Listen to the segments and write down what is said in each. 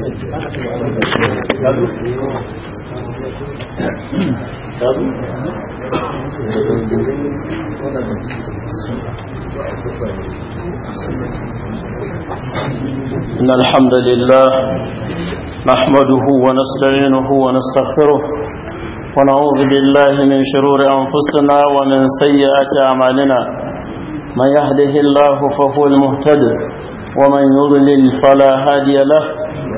إن الحمد لله نحمده ونستعينه ونستغفره ونعوذ بالله من شرور أنفسنا ومن سيئات أعمالنا من يهده الله فهو المهتد ومن يضلل فلا هادي له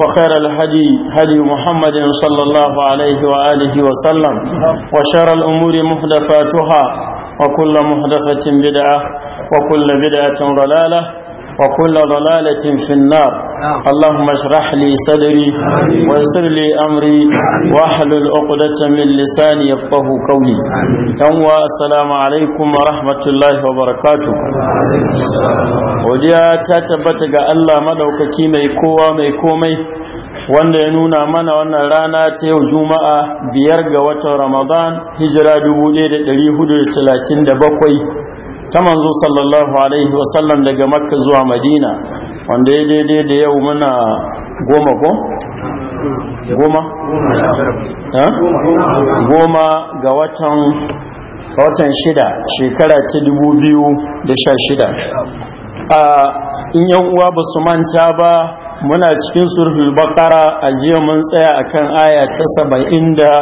وخير الهدي هدي محمد صلى الله عليه وآله وسلم وشر الأمور محدثاتها وكل محدثة بدعة وكل بدعة ضلالة وكل ضلالة في النار اللهم اشرح لي صدري ويسر لي امري واحلل عقدة من لساني يفقهوا قولي يوم السلام alaikum wa rahmatullahi wa barakatu godiya ta tabbata ga Allah madaukaki mai kowa mai komai wanda ya nuna mana wannan rana ta yau juma'a biyar ga watan ramadan hijira 1437 ta manzo sallallahu alaihi wasallam daga makka zuwa madina wanda ya daidai da yau muna goma ko? goma? goma ga watan shida shekara ta dubu biyu da sha shida a in yan uwa ba su manta ba muna cikin surfin bakara a jiya mun tsaya akan aya ta saba'in da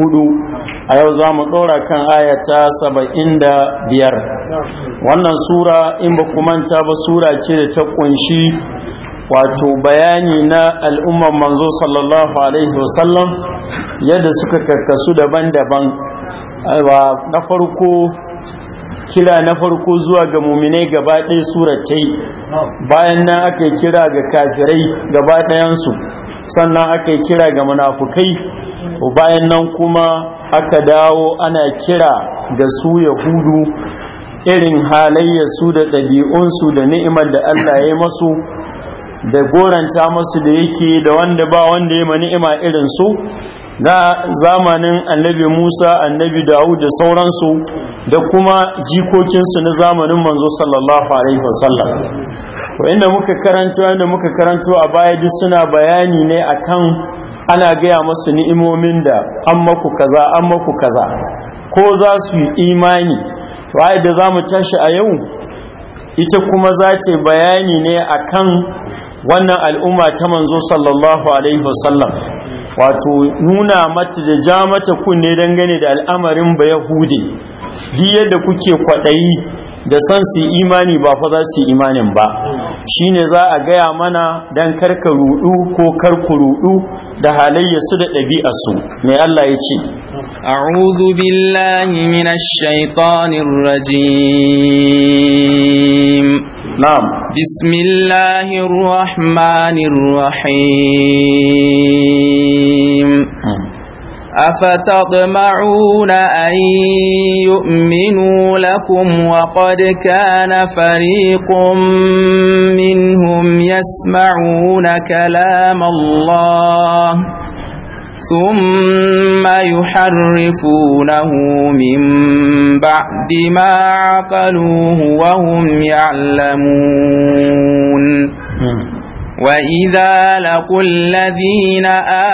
hudu a yau za mu ɗora kan aya ta saba'in da biyar wannan sura in ba manta ba sura ce da ta kunshi wato bayani na al'ummar manzo sallallahu alaihi wasallam yadda suka karkasu daban-daban na farko kira na farko zuwa ga muminai gaba ɗaya suratai bayan nan aka kira ga kafirai gaba ɗayansu sannan aka kira ga munafukai bayan nan kuma aka dawo ana kira ga su yahudu irin halayyarsu da ɗabi'unsu da ni'imar da Allah ya yi masu da goranta masu da yake da wanda ba wanda ya ni'ima irin su na zamanin annabi Musa annabi Dawud da sauransu da kuma jikokinsu na zamanin manzo sallallahu alaihi wasallam inda muka karanto inda muka karanto a baya duk suna bayani ne akan ana gaya masu ni'imomin da an maku kaza an maku kaza ko za su yi imani waye da za mu tashi a yau ita kuma za ta bayani ne a kan wannan al'umma ta manzo sallallahu alaihi wasallam wato nuna mata da ja mata kunne dangane da al'amarin ba yahudi yadda kuke kwaɗayi da san su imani ba fa za su imanin ba Shi ne za a gaya mana dan karka rudu ko karku rudu da halayyarsu da su. mai Allah ya ce a'udhu billahi minash shaitanir rajim na'am bismillahir rahmanir rahim hmm. أفتطمعون أن يؤمنوا لكم وقد كان فريق منهم يسمعون كلام الله ثم يحرفونه من بعد ما عقلوه وهم يعلمون وَإِذَا لَقُوا الَّذِينَ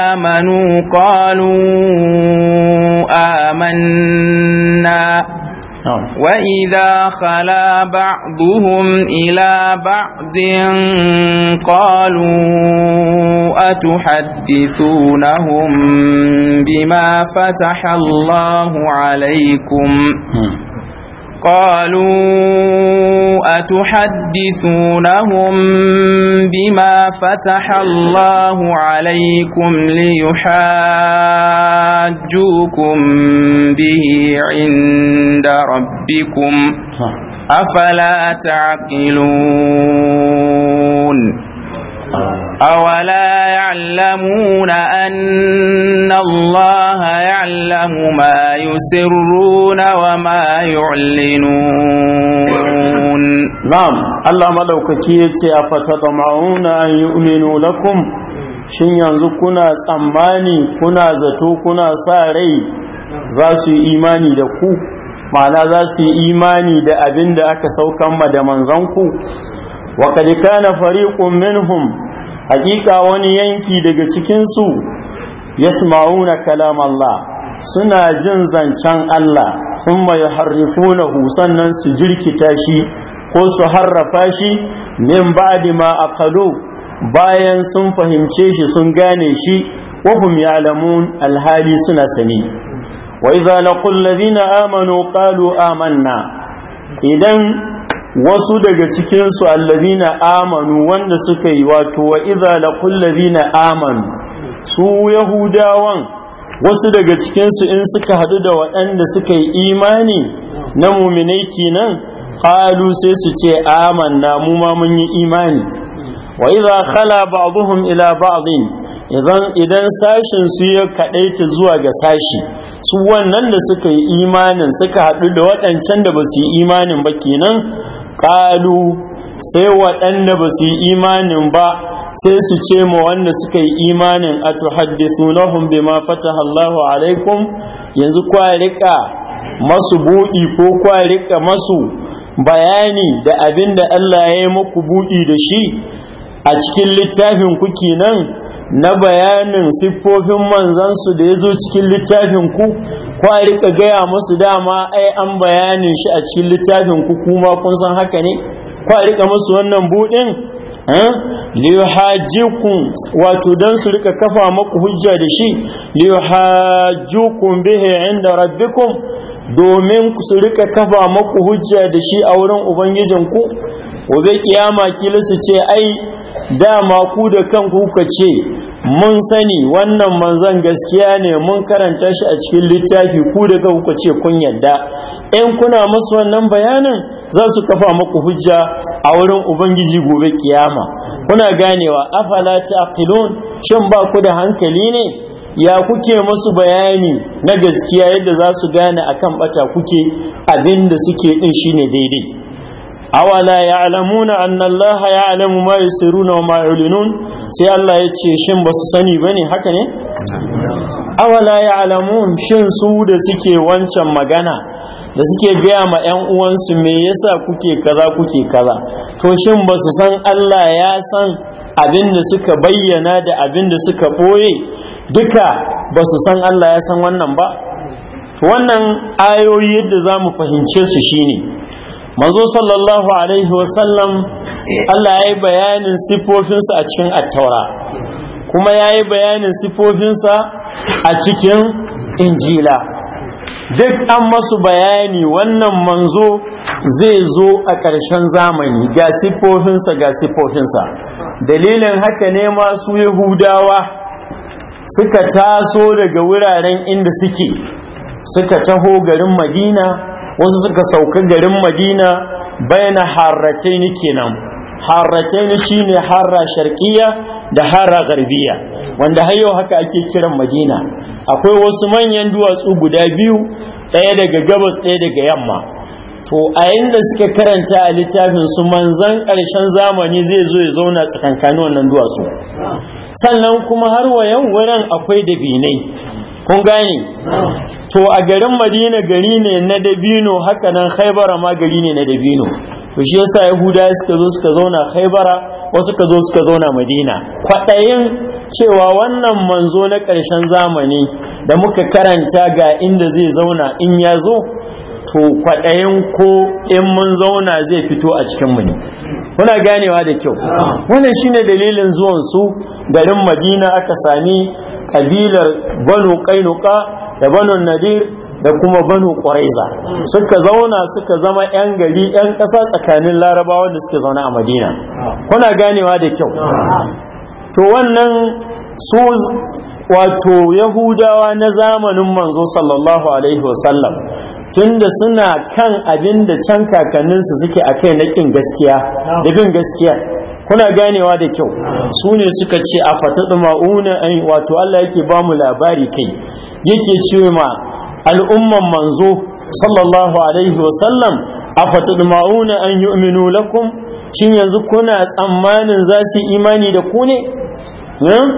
آمَنُوا قَالُوا آمَنَّا نعم. وَإِذَا خَلَا بَعْضُهُمْ إِلَى بَعْضٍ قَالُوا أَتُحَدِّثُونَهُم بِمَا فَتَحَ اللَّهُ عَلَيْكُمْ نعم. قالوا أتحدثونهم بما فتح الله عليكم ليحاجوكم به عند ربكم أفلا تعقلون آه. أولا يعلمون أن الله يعلم ما يسرون وما يعلنون نعم الله ملوككي أفتطمعون أن يؤمنوا لكم shin yanzu kuna tsammani kuna zato kuna sa rai za su yi imani da ku ma'ana za su yi imani da abin da aka saukan ma da manzanku wa kad kana fariqun minhum hakika wani yanki daga cikinsu na kalam Allah suna jin zancen Allah sun mai harrifunahu sannan su jirkita shi ko su harrafa shi min ba'di ma aqalu bayan sun fahimce shi sun gane shi wa hum ya'lamun alhali suna sani wa idza laqul ladina amanu qalu amanna idan wasu daga cikinsu allazina amanu wanda suka yi wato wa iza laqul ladina amanu su yahudawan wasu daga cikinsu in suka hadu da waɗanda suka yi imani na muminai kenan qalu sai su ce amanna mu ma mun yi imani wa iza khala ba'dhum ila ba'dhin idan idan sashin su ya kadaita zuwa ga sashi su wannan da suka yi imanin suka hadu da waɗancan da ba su yi imanin ba kenan Kalu, sai waɗanda ba su yi imanin ba sai su ce ma wanda suka yi imanin a na humbe ma fata, Allahu alaikum yanzu kwa rika masu buɗi ko kwa rika masu bayani da abin da Allah ya yi muku buɗi da shi a cikin littafin ku nan? na bayanin siffofin manzansu da ya zo cikin littafin ku ko a rika gaya musu dama ai an bayanin shi a cikin littafin ku kuma kun san haka ne ko a rika musu wannan buɗin eh? liyuhajjikun wato don su rika kafa maku hujja da shi liyuhajjikun bihi inda rabbikum domin su rika kafa maku hujja da shi a wurin ubangijinku gobe kiyama kila su ce ai dama ku da kanku kuka ce mun sani wannan manzon gaskiya ne mun karanta shi a cikin littafi ku da kanku kuka ce kun yadda in kuna musu wannan bayanin za su kafa muku hujja a wurin ubangiji gobe kiyama kuna ganewa afala taqilun shin ba ku da hankali ne ya kuke musu bayani na gaskiya yadda za su gane akan bata kuke abinda suke din shine daidai awala alamuna anna Allah ya'lamu ma yusiruna wa ma sai Allah ya ce shin ba su sani ne, haka ne awala alamun shin su da suke wancan magana da suke biya ma 'yan uwansu me yasa kuke kaza kuke kaza to shin ba su san Allah ya san abin da suka bayyana da abin da suka ɓoye duka ba su san Allah ya san wannan ba wannan ayoyi yadda za mu fahimce su shine manzo sallallahu alaihi wasallam Allah ya yi bayanin sifofinsa a cikin attaura kuma ya yi bayanin sifofinsa a cikin injila duk an masu bayani wannan manzo zai zo a ƙarshen zamani ga sifofinsa ga sifofinsa dalilin haka ne masu yahudawa suka taso daga wuraren inda suke suka taho garin madina wasu suka sauka garin madina bayana harace ni kenan harace ni shine harra sharqiyya da harra garbiya wanda har yau haka ake kiran madina akwai wasu manyan duwatsu guda biyu ɗaya daga gabas ɗaya daga yamma to a inda suka karanta a littafin su manzan karshen zamani zai zo ya zauna tsakankanin wannan duwatsu sannan kuma har wa yau wurin akwai dabinai kun gane to a garin madina gari ne na dabino haka nan khaibara ma gari ne na dabino to shi yasa yahuda suka zo suka zauna khaibara wasu suka zo suka zauna madina kwaɗayin cewa wannan manzo na ƙarshen zamani da muka karanta ga inda zai zauna in ya zo to kwaɗayin ko in mun zauna zai fito a cikin mu ne kuna ganewa da kyau wannan shine dalilin zuwan su garin madina aka sami kabilar banu kainuka da banu nadir da kuma banu ƙwaraiza suka zauna suka zama 'yan gari 'yan ƙasa tsakanin larabawa da suke zauna a madina kuna ganewa da kyau to wannan su wato yahudawa na zamanin manzo sallallahu alaihi wasallam tunda suna kan abin da can kakanninsu suke a kai na ƙin gaskiya da bin gaskiya kuna ganewa da kyau su ne suka ce a fataɗa ma'una wato Allah yake ba mu labari kai yake ce ma al'umman manzo sallallahu alaihi wasallam a fataɗa ma'una an yu'minu lakum shin yanzu kuna tsammanin za su imani da ku ne hmm?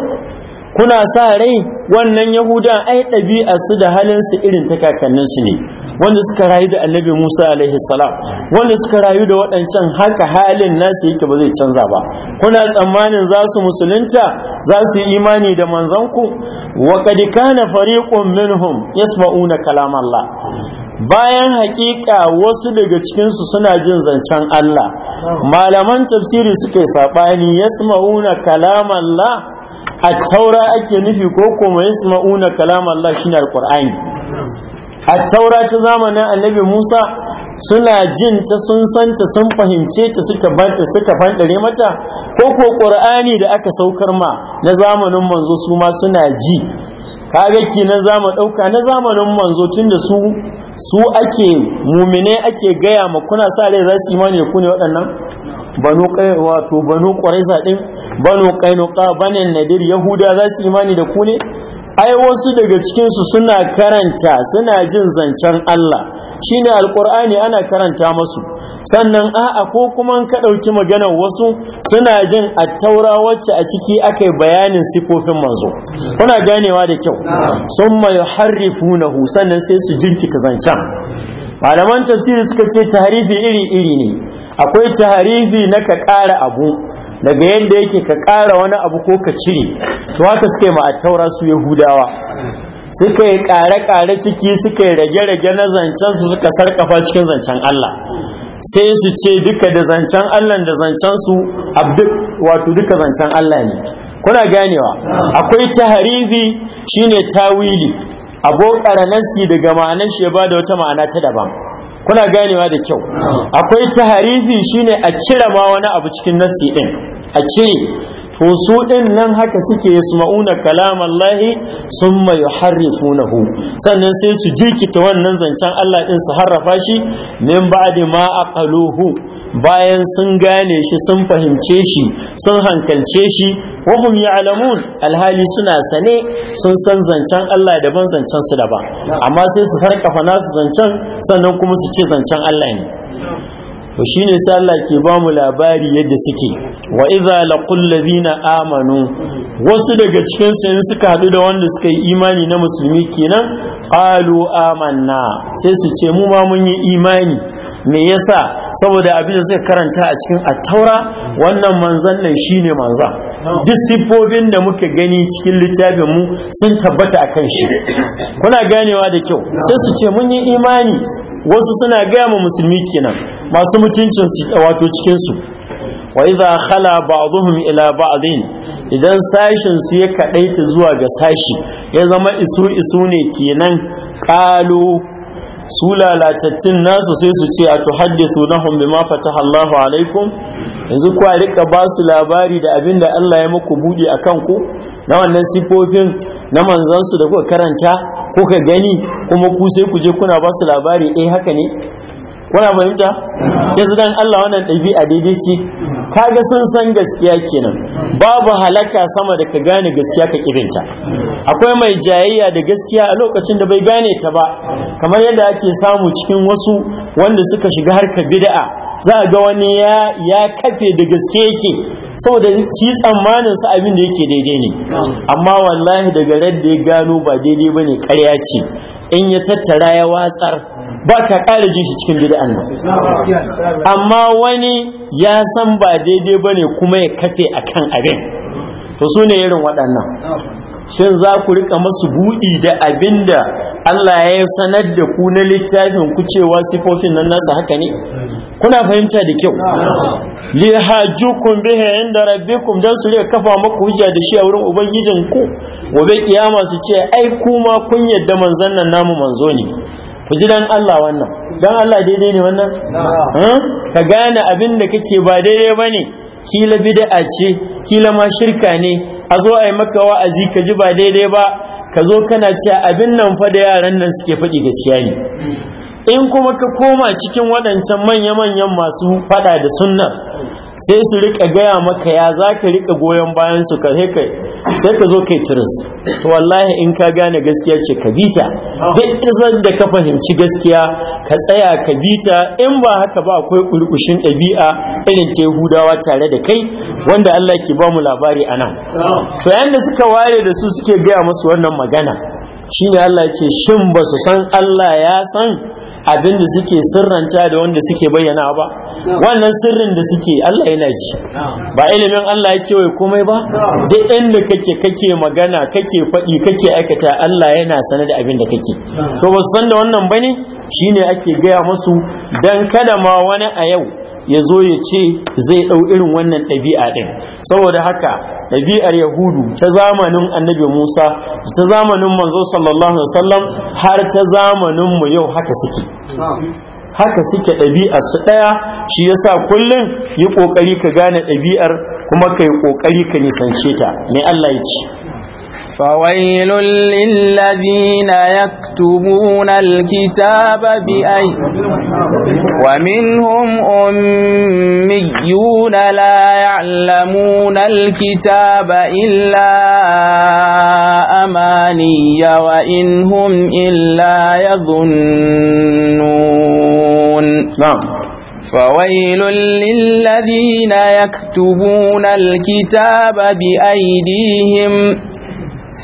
kuna sa rai wannan yahudan ai ɗabi'a su da halin su irin ta kakannin su ne wanda suka rayu da annabi musa alaihi salam wanda suka rayu da waɗancan haka halin nasu yake ba zai canza ba kuna tsammanin za su musulunta za su yi imani da manzanku wa qad kana fariqun minhum yasma'una kalam Allah bayan haƙiƙa wasu daga cikinsu suna jin zancen Allah malaman tafsiri suke saɓani yasma'una kalam Allah a taura ake nufi ko kuma ya sma'una kalam Allah shine alqur'ani a taura ta zamanin annabi Musa suna jin ta sun santa sun fahimce ta suka suka fandare mata ko ko qur'ani da aka saukar ma na zamanin manzo su ma suna ji kaga ki na zama dauka na zamanin manzo tunda su su ake mumine ake gaya ma kuna sa rai za su imani ku ne waɗannan banu kai wato banu quraiza din banu qainuqa banin nadir yahuda za su imani da ku ne ai wasu daga cikinsu suna karanta suna jin zancen Allah shine alqur'ani ana karanta masu sannan a'a ko kuma ka ɗauki maganar wasu suna jin attaura wacce a ciki aka yi bayanin sifofin manzo kuna ganewa da kyau sun mai harifunahu sannan sai su jinkita zancen malaman tafsiri suka ce tarifi iri-iri ne akwai taharifi na ka ƙara abu daga yadda yake ka ƙara wani abu ko ka cire to haka suka yi ma'attaura su yahudawa suka yi ƙare-ƙare ciki suka yi rage-rage na zancen su suka sarkafa cikin zancen Allah sai su ce duka da zancen Allah da zancen su wato duka zancen Allah ne kuna ganewa akwai taharifi shine tawili abo nasi daga ma'anar shi ya ba da wata ma'ana ta daban kuna ganewa da kyau akwai taharifi shine a cire ma wani abu cikin nassi din a cire to su din nan haka suke yasma'una kalam summa yuharrifunahu sannan sai su jikita wannan zancen Allah din su harrafa shi min ba'di ma aqaluhu bayan sun gane shi sun fahimce shi sun hankalce shi wahum ya'lamun alhali suna sane sun san zancen Allah daban zancen su daban amma sai su farkafa nasu zancen sannan kuma su ce zancen Allah ne to shine sai Allah ke ba mu labari yadda suke wa idza laqul ladina amanu wasu daga cikin su suka hadu da wanda suka yi imani na musulmi kenan qalu amanna sai su ce mu ma mun yi imani me yasa saboda abin da suka karanta a cikin at-taura wannan manzon nan shine manzon duk siffofin da muka gani cikin littafin mu sun tabbata a kan shi kuna ganewa da kyau sai su ce mun yi imani wasu suna gaya ma musulmi kenan masu mutuncin su wato cikin su wa idza khala ba'dhum ila ba'dhin idan sashin su ya kadaita zuwa ga sashi ya zama isu isu ne kenan qalu su lalatattun nasu sai su ce a tuhaddisu nahum bima fata Allahu alaikum yanzu ku rika ba su labari da abin da Allah ya muku buɗe a kanku na wannan sifofin na manzansu da kuka karanta kuka gani kuma ku sai ku je kuna ba su labari eh haka ne kuna fahimta yanzu dan Allah wannan ɗabi'a daidai ce kaga sun san gaskiya kenan babu halaka sama da ka gane gaskiya ka kirinta akwai mai jayayya da gaskiya a lokacin da bai gane ta ba kamar yadda ake samu cikin wasu wanda suka shiga harkar bid'a za a ga wani ya ya kafe da gaske yake saboda shi tsammanin sa abin da yake daidai ne amma wallahi daga radda ya gano ba daidai bane ƙarya ce in ya tattara ya watsar ba ka ƙara jin shi cikin gida nan amma wani ya san ba daidai ba ne kuma ya kafe a kan abin to su ne irin waɗannan shin za ku rika masu buɗi da abin da Allah ya yi sanar da ku na littafin ku cewa sifofin nan nasa haka ne kuna fahimta da kyau lihajukum bihi inda rabbikum dan su rika kafa maku hujja da shi a wurin ubangijin ku gobe kiyama su ce ai kuma kun yadda manzon nan namu manzo ne ku ji dan Allah wannan dan Allah daidai ne wannan ka gane abin da kake ba daidai bane kila bid'a ce kila ma shirka ne a zo a maka wa'azi ka ji ba daidai ba ka zo kana cewa abin nan fa da yaran nan suke faɗi gaskiya ne mm. in kuma ka koma cikin waɗancan manya-manyan masu faɗa da sunna sai su rika gaya maka ya za ka rika goyon bayan su kai kai sai ka zo kai tiris wallahi in ka gane gaskiya ce ka bita duk izar da ka fahimci gaskiya ka tsaya ka bita in ba haka ba akwai kurkushin ɗabi'a irin ta yahudawa tare da kai wanda Allah ke ba mu labari a nan to yanda suka ware da su suke gaya musu wannan magana shine Allah ya ce shin ba su san Allah ya san abin da suke sirranta da wanda suke bayyana ba wannan sirrin da suke Allah yana ji ba ilimin Allah ya wai komai ba duk inda kake kake magana kake faɗi kake aikata Allah yana sane da abin da kake to ba san da wannan bane shine ake gaya musu dan kada ma wani a yau ya zo ya ce zai ɗau irin wannan ɗabi'a ɗin saboda haka ɗabi'ar yahudu ta zamanin annabi musa ta zamanin manzo sallallahu alaihi wasallam har ta zamanin mu yau haka suke haka suke ɗabi'ar su ɗaya shi yasa kullum yi ƙoƙari ka gane ɗabi'ar kuma ka yi ƙoƙari ka nisance ta me Allah ya ce فويل للذين يكتبون الكتاب بأي ومنهم أميون لا يعلمون الكتاب إلا أماني وإن هم إلا يظنون نعم فويل للذين يكتبون الكتاب بأيديهم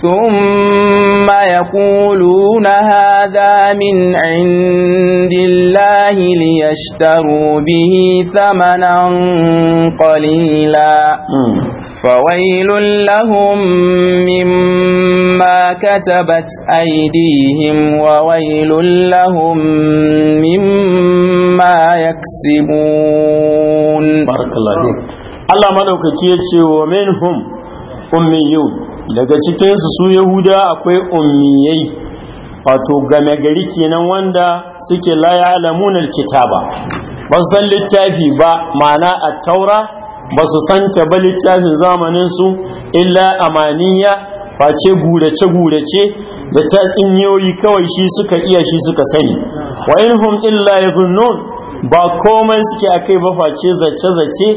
ثم يقولون هذا من عند الله ليشتروا به ثمنا قليلا فويل لهم مما كتبت أيديهم وويل لهم مما يكسبون بارك الله فيك الله ملوك كيتشي ومنهم أميون daga cikinsu su yahuda akwai ummiyai wato game gari kenan wanda suke la alamunar kitaba ba su san littafi ba mana at-taura ba su san ta ba littafin zamanin su illa amaniya face gurace gurace da ta tsinyoyi kawai shi suka iya shi suka sani wa inhum illa yadhunnun ba komai suke akai ba face zace zace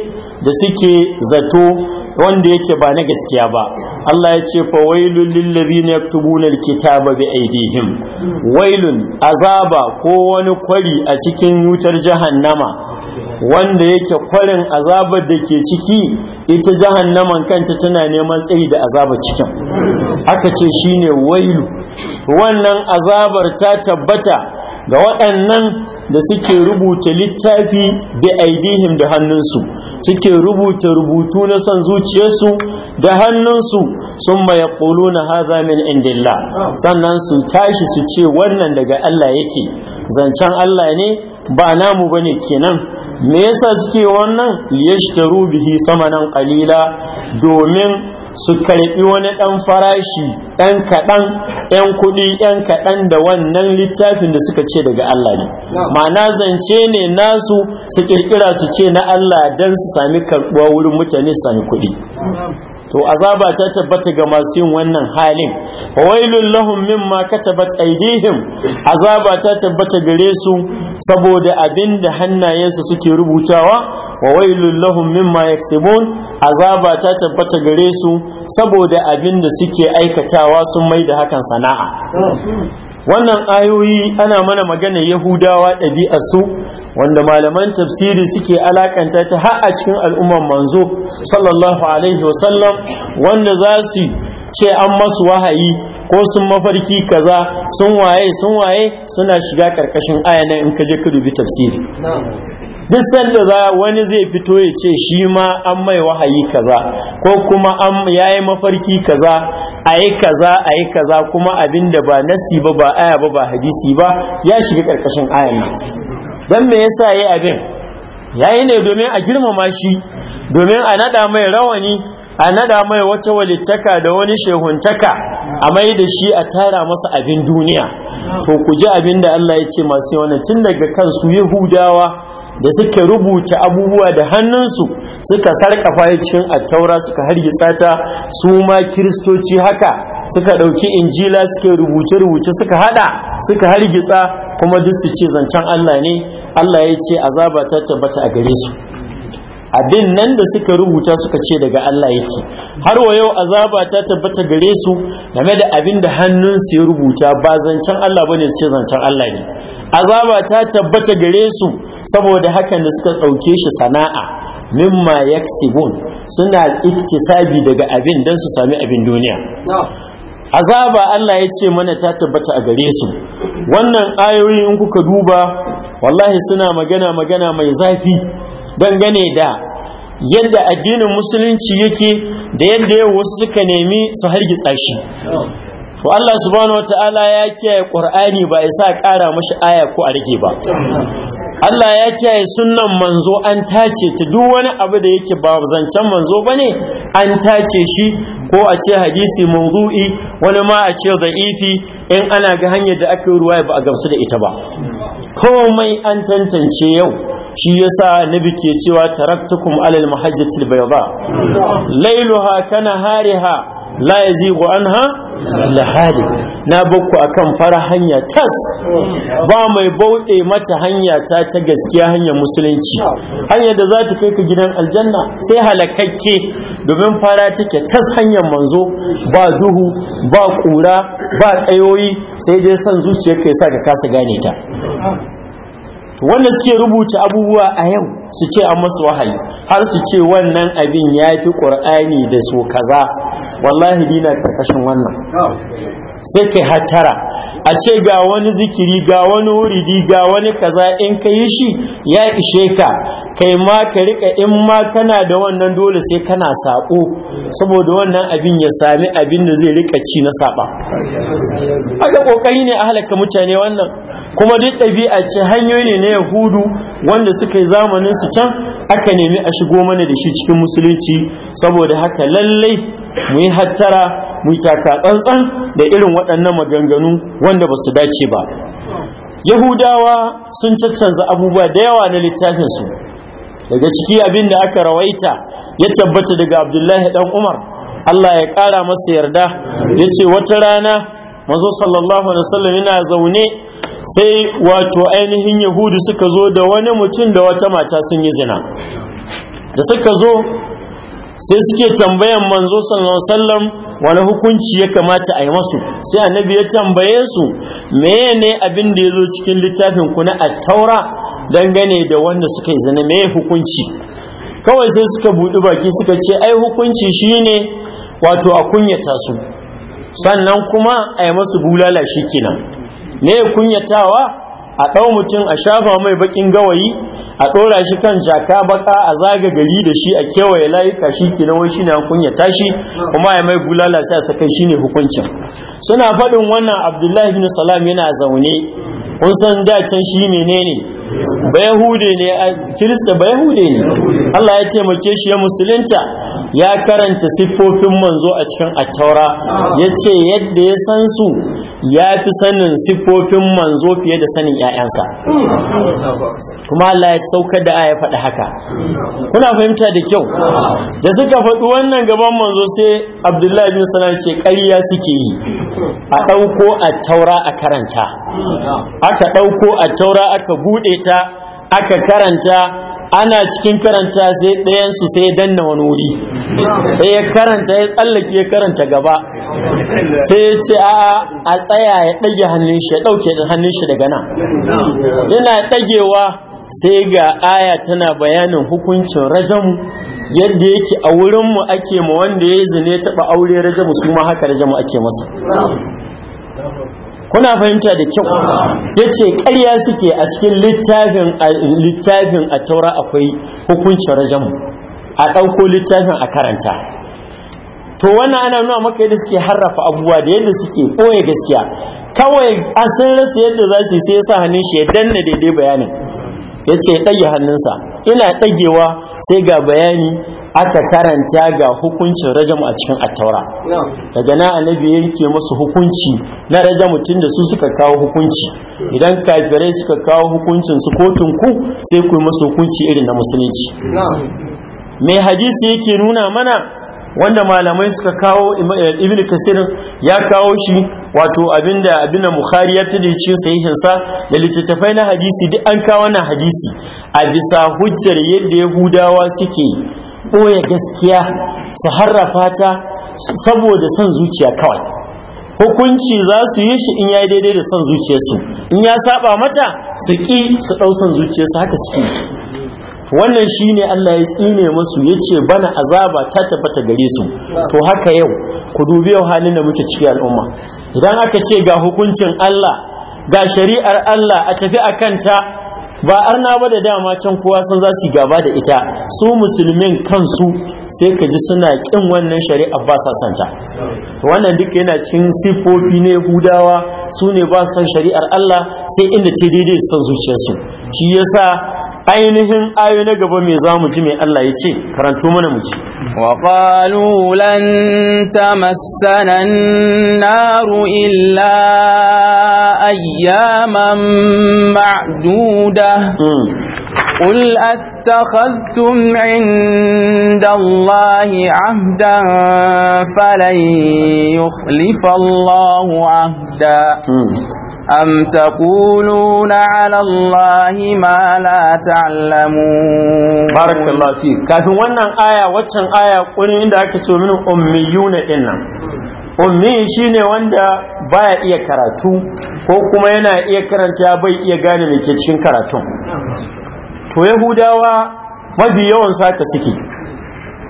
da suke zato wanda yake ba na gaskiya ba Allah ya ce fa wailul lil ladina yaktubuna alkitaba bi aidihim wailun azaba ko wani kwari a cikin wutar jahannama wanda yake kwarin azabar da ke ciki ita jahannaman kanta tana neman tsayi da azaba cikin aka ce shine wailu wannan azabar ta tabbata ga waɗannan da suke rubuta littafi da aidihim da hannunsu suke rubuta rubutu na son zuciyarsu da hannunsu sun mai ƙulu na haza min indillah sannan su tashi su ce wannan daga Allah yake zancen Allah ne ba namu bane kenan me yasa suke wannan yashtaru bihi samanan qalila domin su karbi wani dan farashi dan kadan yan kudi yan kadan da wannan littafin da suka ce daga Allah ne ma'ana zance ne nasu su kirkira su ce na Allah dan su sami karbuwa wurin mutane su sami kudi to azaba ta tabbata ga masu yin wannan halin wailul lahum mimma katabat aydihim azaba ta tabbata gare su saboda abin hannayensu suke rubutawa wa wailul lahum mimma yaksibun azaba ta tabbata gare su saboda abinda suke aikatawa sun mai da hakan sana'a wannan ayoyi ana mana magana yahudawa su, wanda malaman tafsiri suke alakanta ta har a cikin al'umman manzo sallallahu alaihi wasallam wanda za su ce an masu wahayi ko sun mafarki kaza sun waye sun waye suna shiga ƙarƙashin aya in ka je ka dubi tafsiri duk sanda za wani zai fito ya ce shi ma an mai wahayi kaza ko kuma an yayi mafarki kaza ayi kaza ayi kaza kuma abin da ba nasi ba ba aya ba ba hadisi ba ya shiga karkashin ayan nan dan me yasa yayi abin yayi ne domin a girmama shi domin a nada mai rawani a nada mai wata walittaka da wani shehuntaka a mai da shi a tara masa abin duniya to ku ji abin da Allah ya ce masu yawan tun daga kansu yahudawa da suke rubuta abubuwa da hannunsu suka sarkafa cikin attaura suka hargitsa ta su ma kiristoci haka suka ɗauki injila suke rubuce-rubuce suka hada suka hargitsa kuma duk su ce zancen Allah ne Allah ya ce azaba ta tabbata a gare su abin nan da suka rubuta suka ce daga Allah ya ce. har wa yau azaba ta tabbata gare su game da abin da hannunsu ya rubuta ba zancen Allah bane su ce zancen Allah ne azaba ta tabbata gare su saboda hakan da suka ɗauke shi sana'a mimma yaksibun suna iktisabi daga abin don su sami abin duniya azaba Allah ya ce mana ta tabbata a gare su wannan ayoyi in kuka duba wallahi suna magana magana mai zafi dangane da yadda addinin musulunci yake da yadda yau wasu suka nemi su hargitsa shi to Allah subhanahu wataala ya kiyaye ƙur'ani ba ya sa ƙara mashi aya ko a rike ba Allah ya kiyaye sunnan manzo an tace ta duk wani abu da yake ba zancen manzo ba ne? an tace shi ko a ce hadisi mawdu'i wani ma a ce da'ifi in ana ga hanyar da aka yi ruwa ba a gamsu da ita ba komai an tantance yau shi yasa nabi ke cewa taraktukum alal mahajjatil bayda lailuha kana hariha la yazigu anha illa halik na bakku akan fara hanya tas ba mai bauɗe mata hanya ta ta gaskiya hanyar musulunci hanyar da za ta kai ka gidan aljanna sai halakakke domin fara take tas hanyar manzo ba duhu ba kura ba ƙayoyi sai dai son zuciya ya sa ka kasa gane ta wanda suke rubuta abubuwa a yau su ce an masu wahayi har su ce wannan abin ya fi ƙur'ani da su kaza wallahi dina karkashin wannan sai ka hattara a ce ga wani zikiri ga wani wuridi ga wani kaza in ka yi shi ya ishe ka kai ma ka rika in ma kana da wannan dole sai kana saƙo. saboda wannan abin ya sami abin da zai rika ci na saba aga kokari ne a halaka mutane wannan kuma duk ɗabi'a ce hanyoyi ne na yahudu wanda suka yi zamanin su can aka nemi a shigo mana da shi cikin musulunci saboda haka lallai mu yi hattara mu yi taka tsantsan da irin waɗannan maganganu wanda ba su dace ba yahudawa sun caccanza abubuwa da yawa na littafinsu daga ciki abin da aka rawaita ya tabbata daga abdullahi ɗan umar allah ya ƙara masa yarda ya ce wata rana mazo sallallahu alaihi wasallam yana zaune sai wato ainihin yahudu suka zo da wani mutum da wata mata sun yi zina da suka zo sai suke tambayan manzo sallallahu sallam wani hukunci ya kamata a yi masu sai annabi ya tambaye su mene abin da ya zo cikin littafin ku na attaura dangane da wanda suka yi zina me hukunci kawai sai suka buɗi baki suka ce ai hukunci shine wato a kunyata su sannan kuma a yi masu bulala shi kenan ne kunyatawa a ɗau mutum a shafa mai bakin gawayi a ɗora shi kan jaka baka a zaga gari da shi a kewaye layuka shi ke nan shi shine kunya tashi kuma ya mai bulala sai a saka ne hukuncin suna faɗin wannan abdullahi bin salam yana zaune kun san da can shi menene bayahude ne kirista bayahude ne Allah ya taimake shi ya musulunta ya karanta siffofin manzo a cikin attaura ya ce yadda ya san su ya fi sanin siffofin manzo fiye da sanin 'ya'yansa kuma Allah ya saukar da aya faɗi haka kuna fahimta da kyau da suka faɗi wannan gaban manzo sai abdullahi bin salam ce ƙarya suke yi a ɗauko attaura a karanta aka ɗauko attaura aka buɗe ta aka karanta ana cikin karanta sai ɗayan su sai danna wani wuri sai ya karanta ya tsallake ya karanta gaba sai ya ce a'a a tsaya ya ɗage hannun shi ya ɗauke hannun shi daga nan yana ɗagewa sai ga aya tana bayanin hukuncin rajamu yadda yake a wurinmu ake ma wanda ya yi zine taɓa aure rajamu su ma haka rajamu ake masa kuna fahimta da kyau Ya ce ƙarya suke a cikin littafin littafin a taura akwai hukuncin rajamu a ɗauko littafin a karanta to wannan ana nuna maka yadda suke harrafa abubuwa da yadda suke ɓoye gaskiya kawai a sun rasa yadda za su yi sai sa hannun shi ya danna daidai bayanin ya ce ɗage hannunsa ina ɗagewa sai ga bayani aka karanta ga hukuncin rajamu a cikin attaura daga nan annabi yanke musu hukunci na rajamu tun da su suka kawo hukunci idan kafirai suka kawo hukuncin su kotun ku sai ku yi musu hukunci irin na musulunci mai hadisi yake nuna mana wanda malamai suka kawo eh, ibn kasir ya kawo shi wato abinda da bukhari ya tada shi sahihin sa da littattafai na hadisi duk an kawo na hadisi a bisa hujjar yadda yahudawa suke ɓoye gaskiya su harrafa ta saboda son zuciya kawai hukunci za su yi shi in ya daidai da son zuciyarsu in ya saba mata su ƙi su ɗau son zuciyarsu haka suke wannan shi ne Allah ya tsine masu ya ce bana azaba ta tabbata gare su to haka yau ku dubi yau halin da muke ciki al'umma idan aka ce ga hukuncin Allah ga shari'ar Allah a tafi a kanta ba arna ba da dama can kowa sun za su gaba da ita su musulmin kansu sai ka ji suna kin wannan shari'a ba sa santa wannan duk yana cikin sifofi ne hudawa su ne ba son shari'ar Allah sai inda ta daidai sun zuciyarsu shi yasa ainihin ayo na gaba mai za mu ji mai Allah ya ce karanto mana mu ji wa qalu lan tamassana an-naru illa ayyaman ma'duda قل أتخذتم عند الله عهدا فلن يخلف الله عهدا أم تقولون على الله ما لا تعلمون بارك الله فيك كافي وانا آية واتشان آية قولي عند أكتو من أميون إنا أمي شيني واندا بايا إيا كراتو ko kuma yana iya karanta bai iya gane mai ke cikin karatun to yahudawa mafi yawan saka suke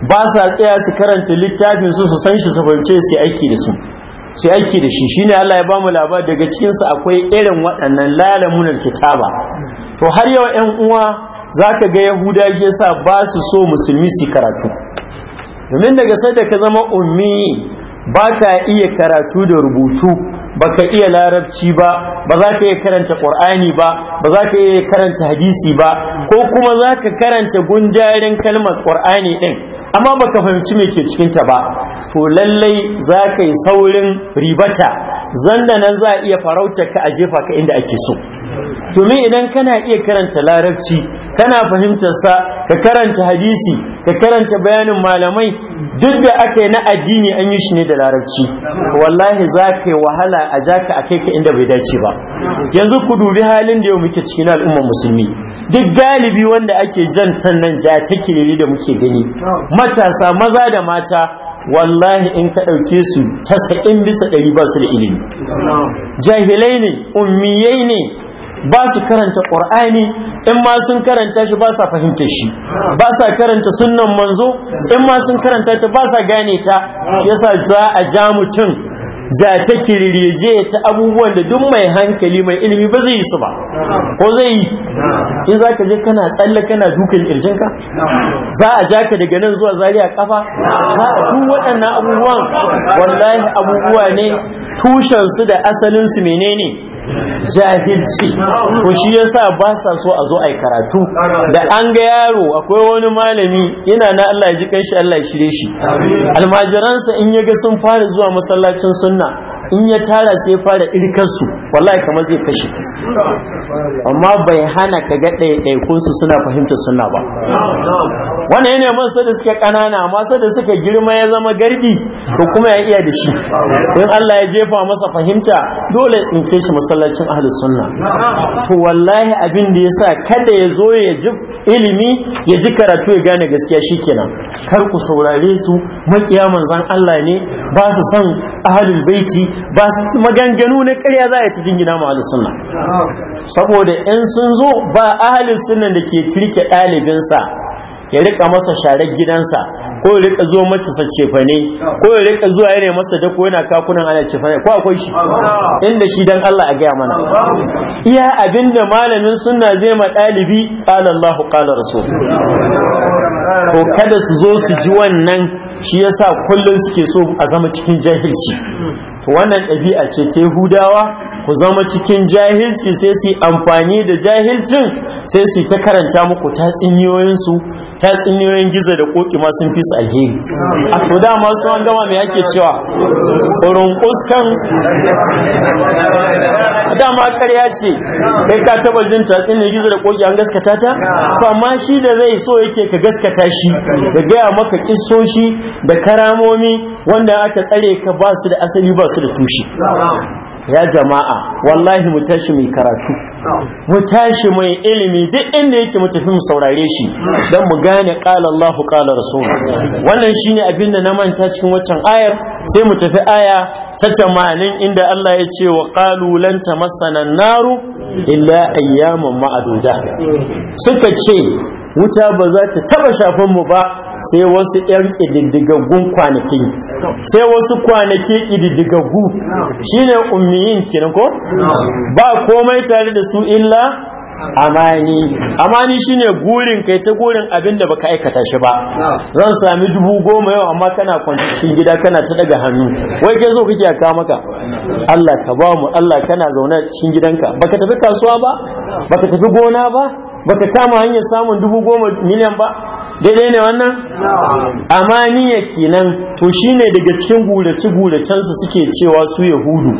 ba sa tsaya su karanta littafin su su san shi su fahimce su aiki da su Sai aiki da shi shine Allah ya bamu labar daga cikinsa akwai irin waɗannan lalamun kitaba to har yau 'yan uwa zaka ga yahuda shi yasa ba su so musulmi su karatu domin daga sai da ka zama ummi ba ka iya karatu da rubutu Ba ka iya larabci ba ba za ka iya karanta ƙur'ani ba ba za ka iya karanta hadisi ba ko kuma za ka karanta gunjarin kalmar ƙur'ani ɗin amma baka fahimci me ke cikinta ba to lallai za ka yi saurin ribata zanda nan za a iya farauta ka a jefa ka inda ake so domin idan kana iya karanta larabci kana fahimtar sa ka karanta hadisi ka karanta bayanin malamai duk da aka yi na addini an yi shi ne da larabci wallahi za ka yi wahala a jaka a kai ka inda bai dace ba yanzu ku dubi halin da yau muke cikin al'ummar musulmi duk galibi wanda ake jan nan ja ta da muke gani matasa maza da mata wallahi in ka ɗauke su tasa'in bisa ɗari ba su da ilimi jahilai ne ummiyai ne ba su karanta ƙur'ani in ma sun karanta shi ba sa fahimta shi ba sa karanta sunnan manzo in ma sun karanta ta ba sa gane ta yasa za a ja mutum za ta kirje ta abubuwan da duk mai hankali mai ilimi ba zai yi su ba ko zai yi in za ka je kana tsalle kana dukan kirjinka za a ja ka daga nan zuwa zariya kafa za a duk waɗannan abubuwan wallahi abubuwa ne tushensu da asalinsu menene jahilci ko shi yasa ba sa so a zo yi karatu da an ga yaro akwai wani malami Ina na Allah ya ji kanshi Allah ya shirye shi almajiransa in ya ga sun fara zuwa masallacin sunna in ya tara sai fara irkarsu wallahi kamar zai kashe amma bai hana ka ga ɗaiɗaikun su suna fahimta suna ba wannan yana man da suka ƙanana amma da suka girma ya zama garbi to kuma ya iya da shi in Allah ya jefa masa fahimta dole in tsince shi masallacin ahlus sunna to wallahi abin da yasa kada ya zo ya ji ilimi ya ji karatu ya gane gaskiya shikenan kar ku saurare su makiya manzon Allah ne ba su san ahlul baiti ba maganganu na ƙarya za a ta jingina ma sunna saboda in sun zo ba ahalin sunnan da ke tirke ɗalibinsa ya rika masa sharar gidansa ko ya rika zuwa masa sa cefane ko ya rika zuwa yare masa da ko yana kakunan ana cefane ko akwai shi inda shi dan Allah a gaya mana iya abinda malamin sunna zai ma ɗalibi qala Allah Ko rasul ko kada su zo su ji wannan shi yasa kullum suke so a zama cikin jahilci wannan ɗabi'a ce ta hudawa ku zama cikin jahilci sai su amfani da jahilcin sai su ta karanta muku tatsiniyoyinsu ta tsiniyoyin gizo da koki ma sun fi su alheri to ma su an gama mai ake cewa kuskan da ma karya ce kai ka taba jin ta gizo da koki an gaskata ta to amma shi da zai so yake ka gaskata shi da gaya maka kisoshi da karamomi wanda aka tsare ka ba su da asali ba su da tushe ya jama'a wallahi mu tashi mai karatu mu tashi mai ilimi duk inda yake mu tafi mu saurare shi don mu gane qala Allah qala rasul wannan shine abin da na manta cikin waccan ayar sai mu tafi aya ta tamanin inda Allah ya ce wa qalu lan tamassana naru illa ayyaman ma'aduda suka ce wuta ba za ta taba shafan mu ba sai wasu yan ƙididdigagun kwanaki sai wasu kwanaki ƙididdigagu shine ummiyin kenan ko ba komai tare da su illa amani amani shine gurin kai ta gurin abin da baka aikata shi ba zan sami dubu goma yau amma kana kwanci cikin gida kana ta daga hannu wai ke so kake aka maka Allah ka ba mu Allah kana zaune cikin gidanka baka tafi kasuwa ba baka tafi gona ba baka kama hanyar samun dubu goma miliyan ba daidai ne wannan amma niyya kenan to shine daga cikin gurace guracen su suke cewa su yahudu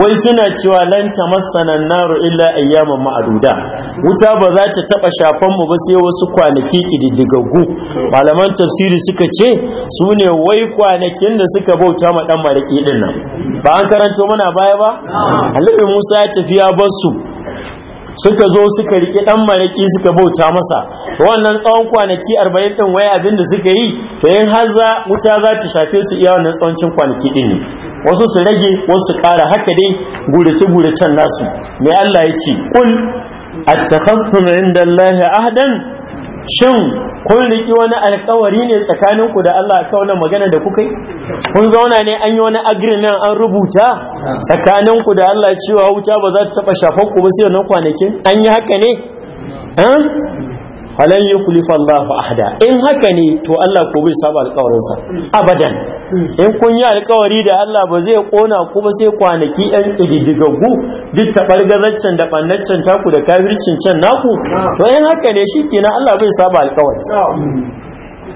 wai suna cewa lan tamassana naru illa ayyaman ma'aduda wuta ba za ta taba shafan mu ba sai wasu kwanaki kididdigaggu malaman tafsiri suka ce su ne wai kwanakin da suka bauta ma dan mariki din nan ba an karanto mana baya ba halibin Musa ya tafi ya bar su suka zo suka riƙe ɗan maraƙi suka bauta masa wannan tsawon kwanaki arba'in ɗin waya abin da suka yi da yin haza wuta za ta shafe su iya wannan tsawon kwanaki ɗin ne wasu su rage wasu kara, haka dai gurace guracen nasu mai Allah ya ce kul attakhaftum inda Allah ahdan shin kun riki wani alkawari ne tsakanin ku da Allah wannan magana da kuka yi kun zauna ne an yi wani agreement an rubuta tsakanin ku da Allah cewa wuta ba za ta taba shafar ku ba sai wannan kwanakin an yi haka ne yi yukhlifa Allah ahada in haka ne to Allah ko bai saba alkawarinsa abadan in kun yi alkawari da Allah ba zai kona ku ba sai kwanaki ɗan ƙididdigaggu duk taɓargazaccen da ɓannaccen taku da kafircin can naku to in haka ne shi kenan Allah bai saba alƙawari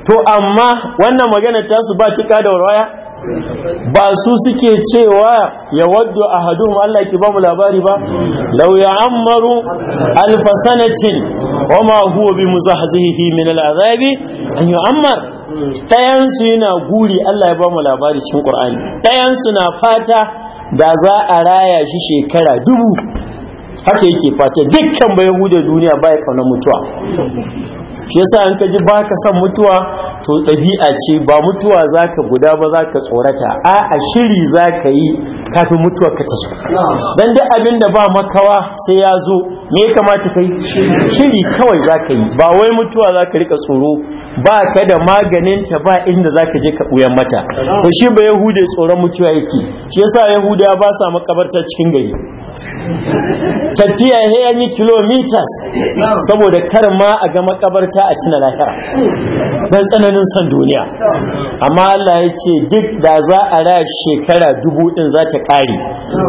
to amma wannan magana su ba tika da waya. ba su suke cewa ya waddu ahaduhum Allah ki ba mu labari ba law ya'ammaru alf sanatin wa ma huwa bi muzahzihi min al'azabi an yu'ammar tayan ɗayansu yana guri Allah ya ba mu labari cikin ƙur'ani ɗayansu na fata da za a raya shi shekara dubu haka yake fata dukkan bai hude duniya baya kauna mutuwa shi yasa an ka ji ba ka son mutuwa to ɗabi'a ce ba mutuwa za ka guda ba za ka tsorata a a shiri za ka yi kafin mutuwa ka ta don duk abin da ba makawa sai ya zo me ya kamata ka yi shiri kawai za ka yi ba wai mutuwa za ka rika tsoro ba ka da maganin ta ba inda za ka je ka ɓuyan mata to shi ba yahude tsoron mutuwa yake shi yasa yahuda ba sa makabarta cikin gari tafiya ya yi yi kilomitas saboda kar ma a ga makabarta a cina lahira don tsananin son duniya amma Allah ya ce duk da za a raya shekara dubu din za ta kare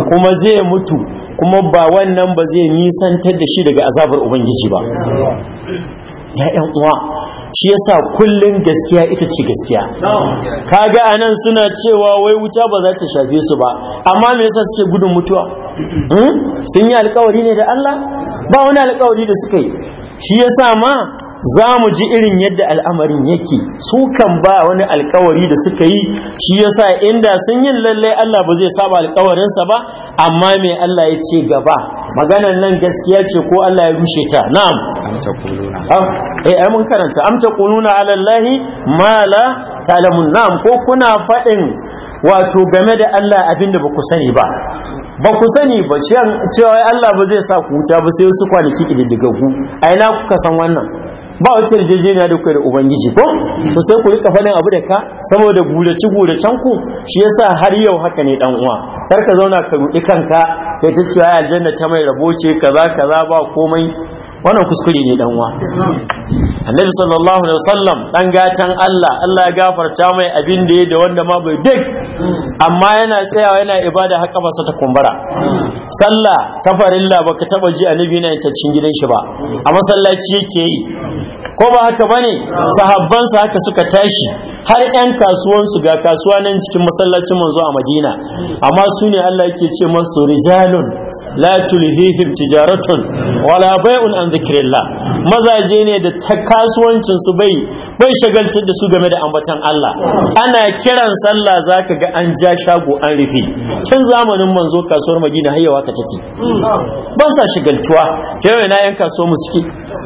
kuma zai mutu kuma ba wannan ba zai nisantar da shi daga azabar ubangiji ba ya yan uwa shi yasa kullun gaskiya ita ce gaskiya kaga anan suna cewa wai wuta ba za ta shafe su ba amma me yasa suke gudun mutuwa hmm? sun yi alkawari ne da Allah ba wani alkawari da suka yi shi yasa ma za mu ji irin yadda al'amarin yake su kan ba wani alkawari da suka yi shi yasa inda sun yin lallai Allah ba zai saba alkawarinsa ba amma me Allah ya ce gaba maganar nan gaskiya ce ko Allah ya rushe ta na'am ah, eh ai mun karanta am taquluna ala ma la ta'lamun na'am ko kuna fadin wato game da Allah abinda ba ku sani ba ba ku sani ba cewa Allah ba zai sa ku wuta ba sai su kwanaki kididdigaggu a ina kuka san wannan ba wata yarjejeniya da kai da ubangiji ko to sai ku rika faɗin abu da ka saboda gurace guracen ku shi yasa har yau haka ne dan uwa kar ka zauna ka rudi kanka kai ta cewa aljanna ta mai rabo ce kaza kaza ba komai wannan kuskure ne dan wa annabi sallallahu alaihi wasallam dan gatan Allah Allah ya gafarta mai abin da ya da wanda ma bai dik amma yana tsayawa yana ibada haka ba ta kumbara. sallah ta farilla baka taba ji annabi yana ta gidan shi ba a masallaci yake yi ko ba haka bane sahabban sa haka suka tashi har yan kasuwan su ga kasuwa nan cikin masallacin manzo a Madina amma su ne Allah yake ce masu rijalun la tulhihim tijaratun wala bai'un an zikrillah mazaje ne da ta kasuwancin su bai bai shagaltar da su game da ambatan Allah ana kiran sallah zaka ga an ja shago an rufe tun zamanin manzo kasuwar Madina hayawa ka take ba sa shagaltuwa ta yau na yan kasuwa mu suke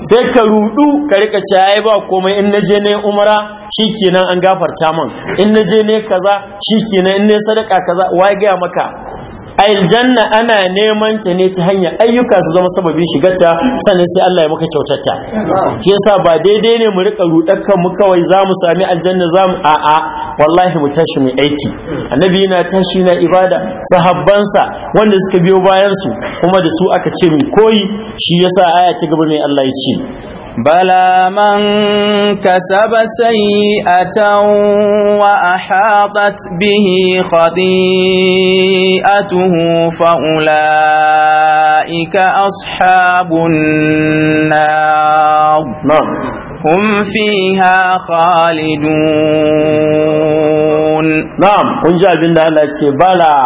sai ka rudu ka rika cewa ai ba komai in naje ne umara shikenan an gafarta man in naje ne kaza shikenan in ne sadaka kaza wai ga maka aljanna ana neman ta ne ta hanyar ayyuka su zama sababin shigarta sannan sai Allah ya maka kyautata shi yasa ba daidai ne mu rika rudar mu kawai za mu sami aljanna za mu a'a wallahi mu tashi mu aiki annabi yana tashi na ibada sahabbansa wanda suka biyo bayan su kuma da su aka ce mu koyi shi yasa aya ta gaba mai Allah ya ce بلى من كسب سيئة وأحاطت به خطيئته فأولئك أصحاب النار هم فيها خالدون نعم kun ji abin da Allah ce bala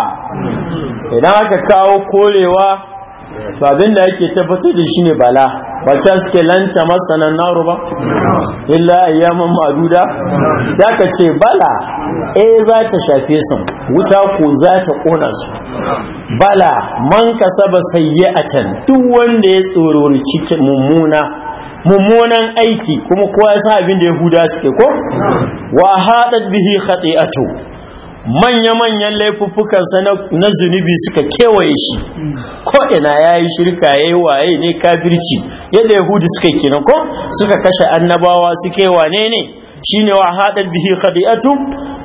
idan aka kawo kolewa to abin da yake tabbatar da shi ne bala ba can suke lanta masanan naru ba illa ayyaman maduda Ya ka ce bala eh za ta shafe su wuta ko za ta kona su bala man kasaba can, duk wanda ya tsorori cikin mummuna mummunan aiki kuma kowa ya sa abin da yahuda suke ko wa haɗa bihi khati'atu manya-manyan laifuffukansa na zunubi suka kewaye shi ko ina ya yi shirka ya yi waye ne kafirci yadda yahudi suka kina ko suka kashe annabawa suke wane ne shine wa haɗar bihi khadi'atu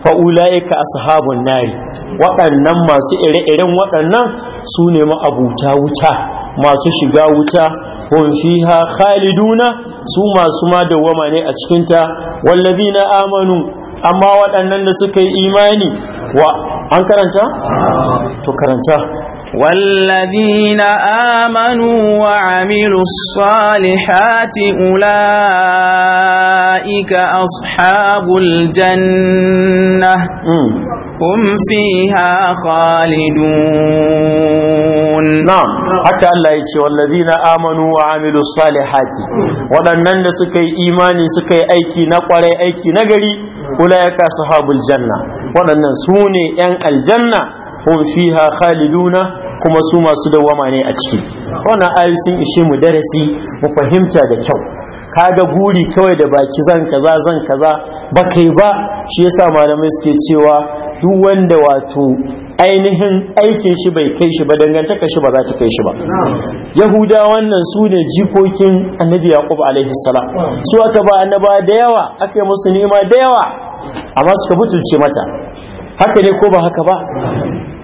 fa ulaika ashabun nari waɗannan masu ire-iren waɗannan su ne ma'abuta wuta masu shiga wuta hun fiha khaliduna su masu ma dawwama ne a cikinta wallazina amanu amma waɗannan da suka yi imani wa an karanta to karanta والذين آمنوا وعملوا الصالحات أولئك أصحاب الجنة هم فيها خالدون نعم حتى الله يتشي والذين آمنوا وعملوا الصالحات ودنن سكي إيماني سكي أيكي نقري أيكي نقري ulaika sahabul janna waɗannan su ne yan aljanna hum fiha khaliduna kuma su masu dawama ne a ciki wannan ayi sun ishe mu darasi mu fahimta da kyau kaga guri kawai da baki zan kaza zan kaza ba kai ba shi yasa malamai suke cewa duk wanda wato ainihin aikin shi bai kai shi ba dangantaka shi ba za ta kai shi ba yahuda wannan su ne jikokin annabi yaqub alaihi salam su aka ba annaba da yawa aka yi musu nima da yawa amma suka butulce mata haka ne ko ba haka ba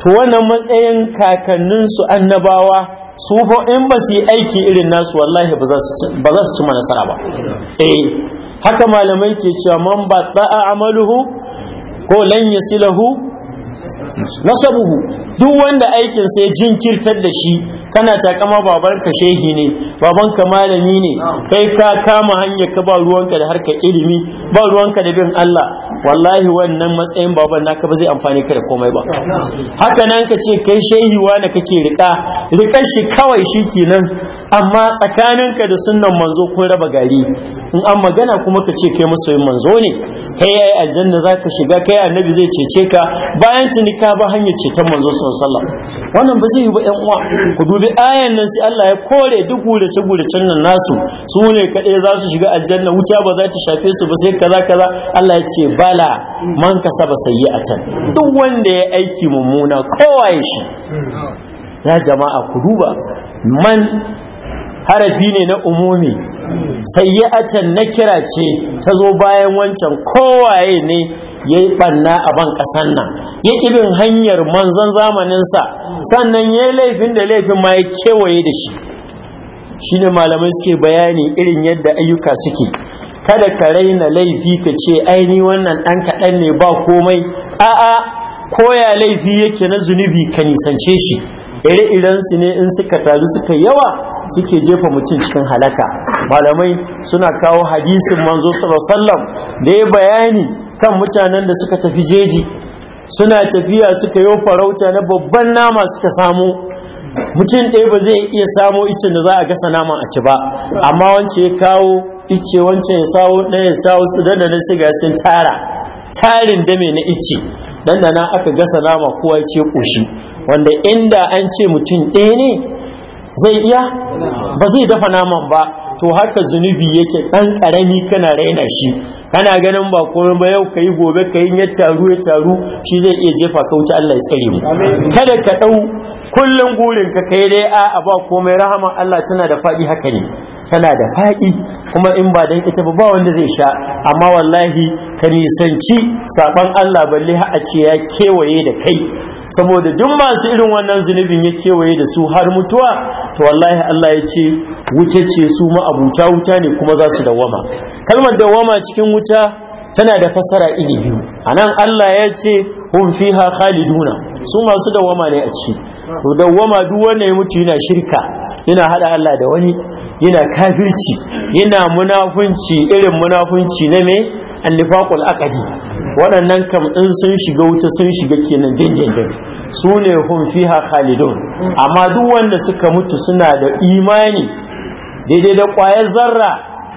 to wannan matsayin kakanninsu annabawa su fa in ba su yi aiki irin nasu wallahi ba za su nasara ba eh haka malamai ke cewa man ba ta'a amaluhu ko lan yasilahu nasabuhu duk wanda aikin sai jinkirtar da shi kana takama baban ka shehi ne baban ka malami ne kai ka kama hanyar ka ba ruwanka da harkar ilimi ba ruwanka da bin Allah wallahi wannan matsayin baban naka ba zai amfani ka da komai ba haka nan ka ce kai shehi na kake rika rika shi kawai shi kenan amma tsakaninka da sunan manzo kun raba gari in an magana kuma ka ce kai masoyin manzo ne kai yayi aljanna za ka shiga kai annabi zai cece ka bayan tunika ba hanyar ceton manzo sallallahu wannan ba zai yi ba yan uwa ku dubi ayan nan sai Allah ya kore duk gurace guracen nan nasu su ne kaɗai za su shiga aljanna wuta ba za ta shafe su ba sai kaza kaza Allah ya ce ba ta'ala man kasaba sayyi'atan duk wanda ya aiki mummuna kowaye shi ya jama'a ku duba man harafi ne na umumi sayyi'atan na kira ce ta zo bayan wancan kowaye ne ya yi ɓanna a ban kasan nan ya irin hanyar manzan zamaninsa sannan ya yi laifin da laifin ma ya kewaye da shi Shi ne malamai suke bayani irin yadda ayyuka suke kada ka raina laifi ka ce aini wannan ɗan kaɗan ne ba komai a'a koya laifi yake na zunubi ka nisance shi ire-iren su ne in suka taru suka yawa suke jefa mutum cikin halaka malamai suna kawo hadisin manzo sallam da ya bayani kan mutanen da suka tafi jeji suna tafiya suka yi farauta na babban nama suka samu mutum ɗaya ba zai iya samo icin da za a gasa naman a ci ba amma wance ya kawo ice wancan ya sawo ɗaya ya sawo su dandana sun tara tarin dame na ice dandana aka gasa nama kowa ce ƙoshi wanda inda an ce mutum ɗaya ne zai iya ba zai dafa naman ba to haka zunubi yake ɗan ƙarami kana raina shi kana ganin ba komai ba yau kai gobe kai ya taru ya taru shi zai iya jefa ka wuce Allah ya tsare mu kada ka ɗau kullum gurin ka kai dai a ba komai rahama Allah tana da faɗi haka ne tana da faɗi kuma in ba dan ita ba ba wanda zai sha amma wallahi ka nisanci saban Allah balle ha'a a ce ya kewaye da kai saboda duk masu irin wannan zunubin ya kewaye da su har mutuwa to wallahi Allah ya ce wuce ce su ma abuta wuta ne kuma za su dawama kalmar dawama cikin wuta tana da fasara iri biyu anan Allah ya ce hum fiha khaliduna su masu dawama ne a ciki to dawwama duk wanda ya mutu yana shirka yana hada Allah da wani yana kafirci yana munafunci irin munafunci na me annifaqul aqdi waɗannan kam in sun shiga wuta sun shiga kenan dindindin su ne hum fiha khalidun amma duk wanda suka mutu suna da imani daidai da ƙwayar zarra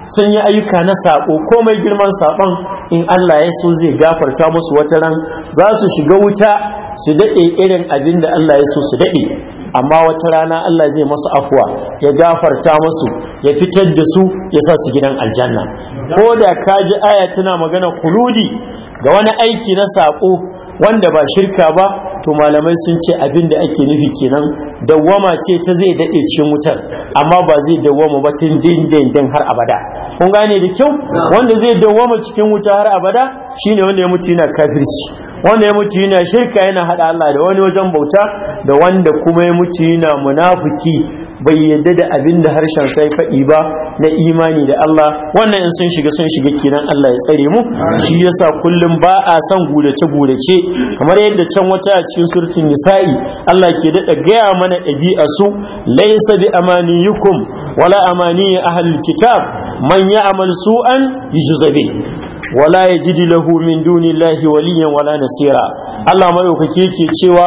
sun yi ayyuka na saƙo komai girman saƙon in Allah ya so zai gafarta musu wata ran za su shiga wuta su daɗe irin abin da Allah ya so su daɗe amma wata rana Allah zai masu afuwa ya gafarta masu ya fitar da su ya sa su gidan aljanna ko da ka ji aya tana magana kuludi ga wani aiki na saƙo wanda ba shirka ba to malamai sun ce abin da ake nufi kenan dawwama ce ta zai daɗe cikin wutar amma ba zai dawwama ba tun dindindin har abada kun gane da kyau wanda zai dawwama cikin wuta har abada shine wanda ya mutu yana kafirci wanda ya mutu yana shirka yana hada Allah da wani wajen bauta da wanda kuma ya mutu yana munafiki bai yadda da abin da harshen sai faɗi ba na imani da Allah wannan in sun shiga sun shiga kenan Allah ya tsare mu shi yasa kullum ba a son gudace gudace kamar yadda can wata a cikin surtin nisa'i Allah ke daɗa gaya mana ɗabi'a su laisa bi amaniyukum wala amani ahlul kitab man ya'mal su'an yujzabi wala yajidu lahu min dunillahi waliyan wala nasira Allah madaukake ke cewa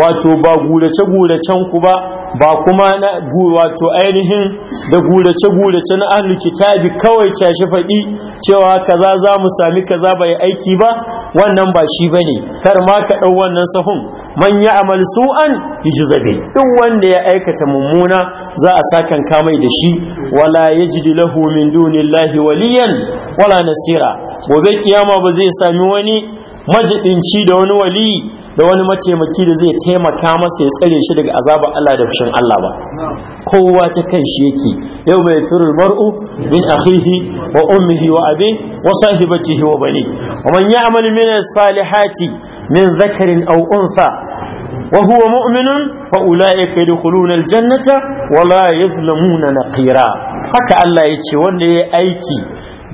wato ba gurace guracen ku ba ba kuma na wato ainihin da gurace guracen na kitabi kawai shi faɗi cewa kaza za mu sami kaza bai aiki ba wannan ba shi bane kar ma ka ɗau wannan sahun man ya amal su'an yujza duk wanda ya aikata mummuna za a sakan kamai da shi wala yajidu lahu min dunillahi waliyan wala nasira gobe kiyama ba zai sami wani majidinci da wani wali da wani mataimaki da zai taimaka masa ya tsare shi daga azabar Allah da fushin Allah ba kowa ta kan shi yake yau mai firul mar'u min akhihi wa ummihi wa abi wa sahibatihi wa bani wa man ya'mal min salihati min dhakarin aw unsa wa huwa mu'minun fa ulaika yadkhuluna aljannata jannata wa la yuzlamuna naqira haka Allah yace wanda yayi aiki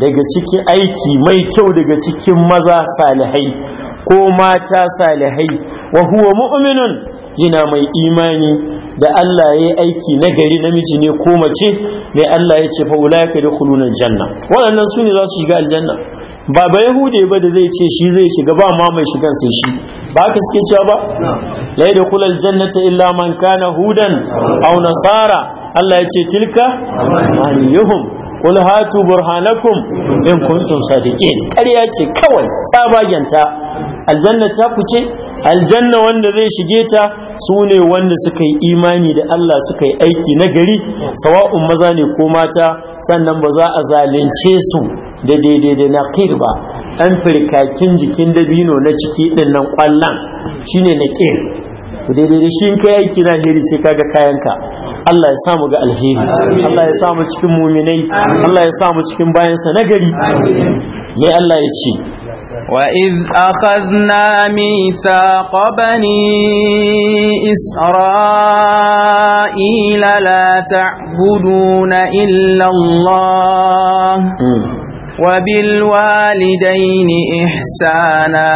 daga ciki aiki mai kyau daga cikin maza salihai ko mata salihai wa huwa mu'minun yana mai imani da Allah ya yi aiki na gari namiji ne ko mace mai Allah ya ce fa da dukhuluna janna waɗannan su ne za su shiga aljanna ba ba yahude ba da zai ce shi zai shiga ba ma mai shigan sai shi ba ka suke cewa ba la yadkhul aljannata illa man kana hudan aw nasara Allah ya ce tilka amaniyuhum qul hatu burhanakum in kuntum sadiqin ƙarya ce kawai tsabagenta aljanna ta ku ce aljanna wanda zai shige ta su ne wanda suka yi imani da Allah suka yi aiki na gari sawa'un maza ne ko mata sannan ba za a zalunce su da daidai da naqir ba an firkakin jikin dabino na ciki ɗin nan ƙwallon shine naqir to daidai da shi in kai aiki na alheri sai kaga kayanka Allah ya samu ga alheri Allah ya samu cikin muminai Allah ya samu cikin bayansa nagari ne Allah ya ce وإذ أخذنا ميثاق بني إسرائيل لا تعبدون إلا الله وبالوالدين إحسانا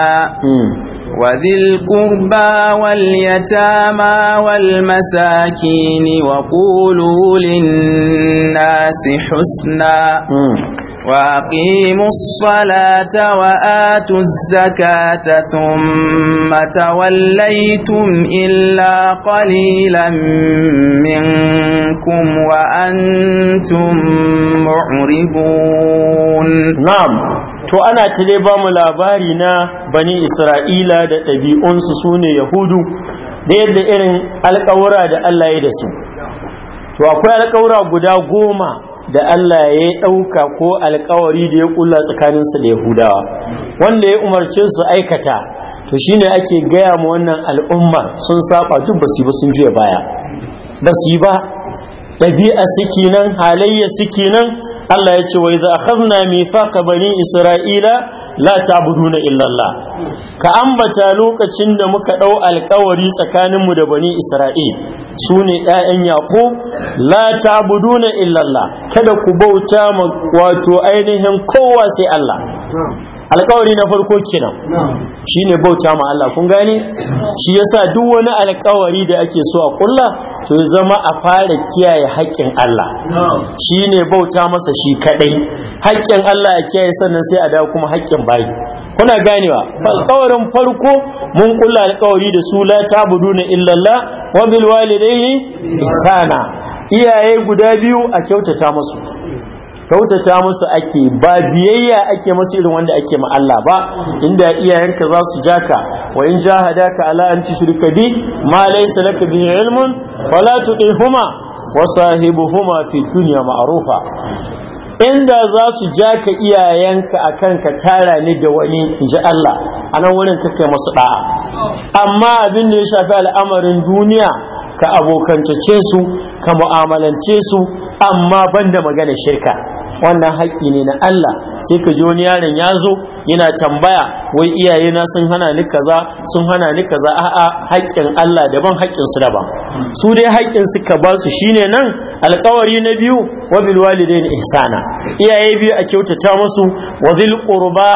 وذي القربى واليتامى والمساكين وقولوا للناس حسنا وأقيموا الصلاة وآتوا الزكاة ثم توليتم إلا قليلا منكم وأنتم معرضون نعم to ana ta dai ba mu labari na bani isra'ila da ɗabi'unsu su ne yahudu da yadda irin alƙawura da allah ya da su to akwai alƙawura guda goma da Allah ya ɗauka ko alkawari da ya ƙulla tsakaninsu da Yahudawa wanda ya umarce su aikata to shine ake gaya ma wannan al'umma sun saba duk basu yi ba sun juya baya basu yi ba ɗabi'a suke nan halayya suke nan Allah ya ce wa idza akhadna ka bani isra'ila la ta'buduna illa Allah ka ambata lokacin da muka ɗau alkawari tsakanin mu da bani isra'il su ne ƴaƴan yaqub la ta'buduna illa Allah kada ku bauta ma wato ainihin kowa sai Allah alkawari na farko kenan shine bauta ma Allah kun gane shi yasa duk wani alkawari da ake so a kulla to zama a fara kiyaye haƙƙin Allah shi ne bauta masa shi kaɗai haƙƙin Allah a kiyaye sannan sai a dawo kuma haƙƙin bayi kuna ganewa alƙawarin farko mun kulla alƙawari da su la ta na illallah wa bil walidayni ihsana iyaye guda biyu a kyautata masu. kautata musu ake ba biyayya ake musu irin wanda ake ma Allah ba inda iyayenka za su ka wa in ka ala an shirka bi ma laysa laka bi ilmun wala tuqihuma wa sahibuhuma fi dunya ma'rufa inda za su ja ka iyayenka akan kan ka tara ni da wani in ji Allah a nan wurin kake masu da'a amma abin da ya shafi al'amarin duniya ka abokantace su ka mu'amalance su amma banda magana shirka wannan haƙƙi ne na Allah sai ka ji wani yaron ya zo yana tambaya wai iyaye na sun hana ni kaza sun hana ni kaza a'a haƙƙin Allah daban haƙƙin su daban su dai haƙƙin suka ba su shine nan alƙawari na biyu wa bil walidaini ihsana iyaye biyu a kyautata musu wa zil qurba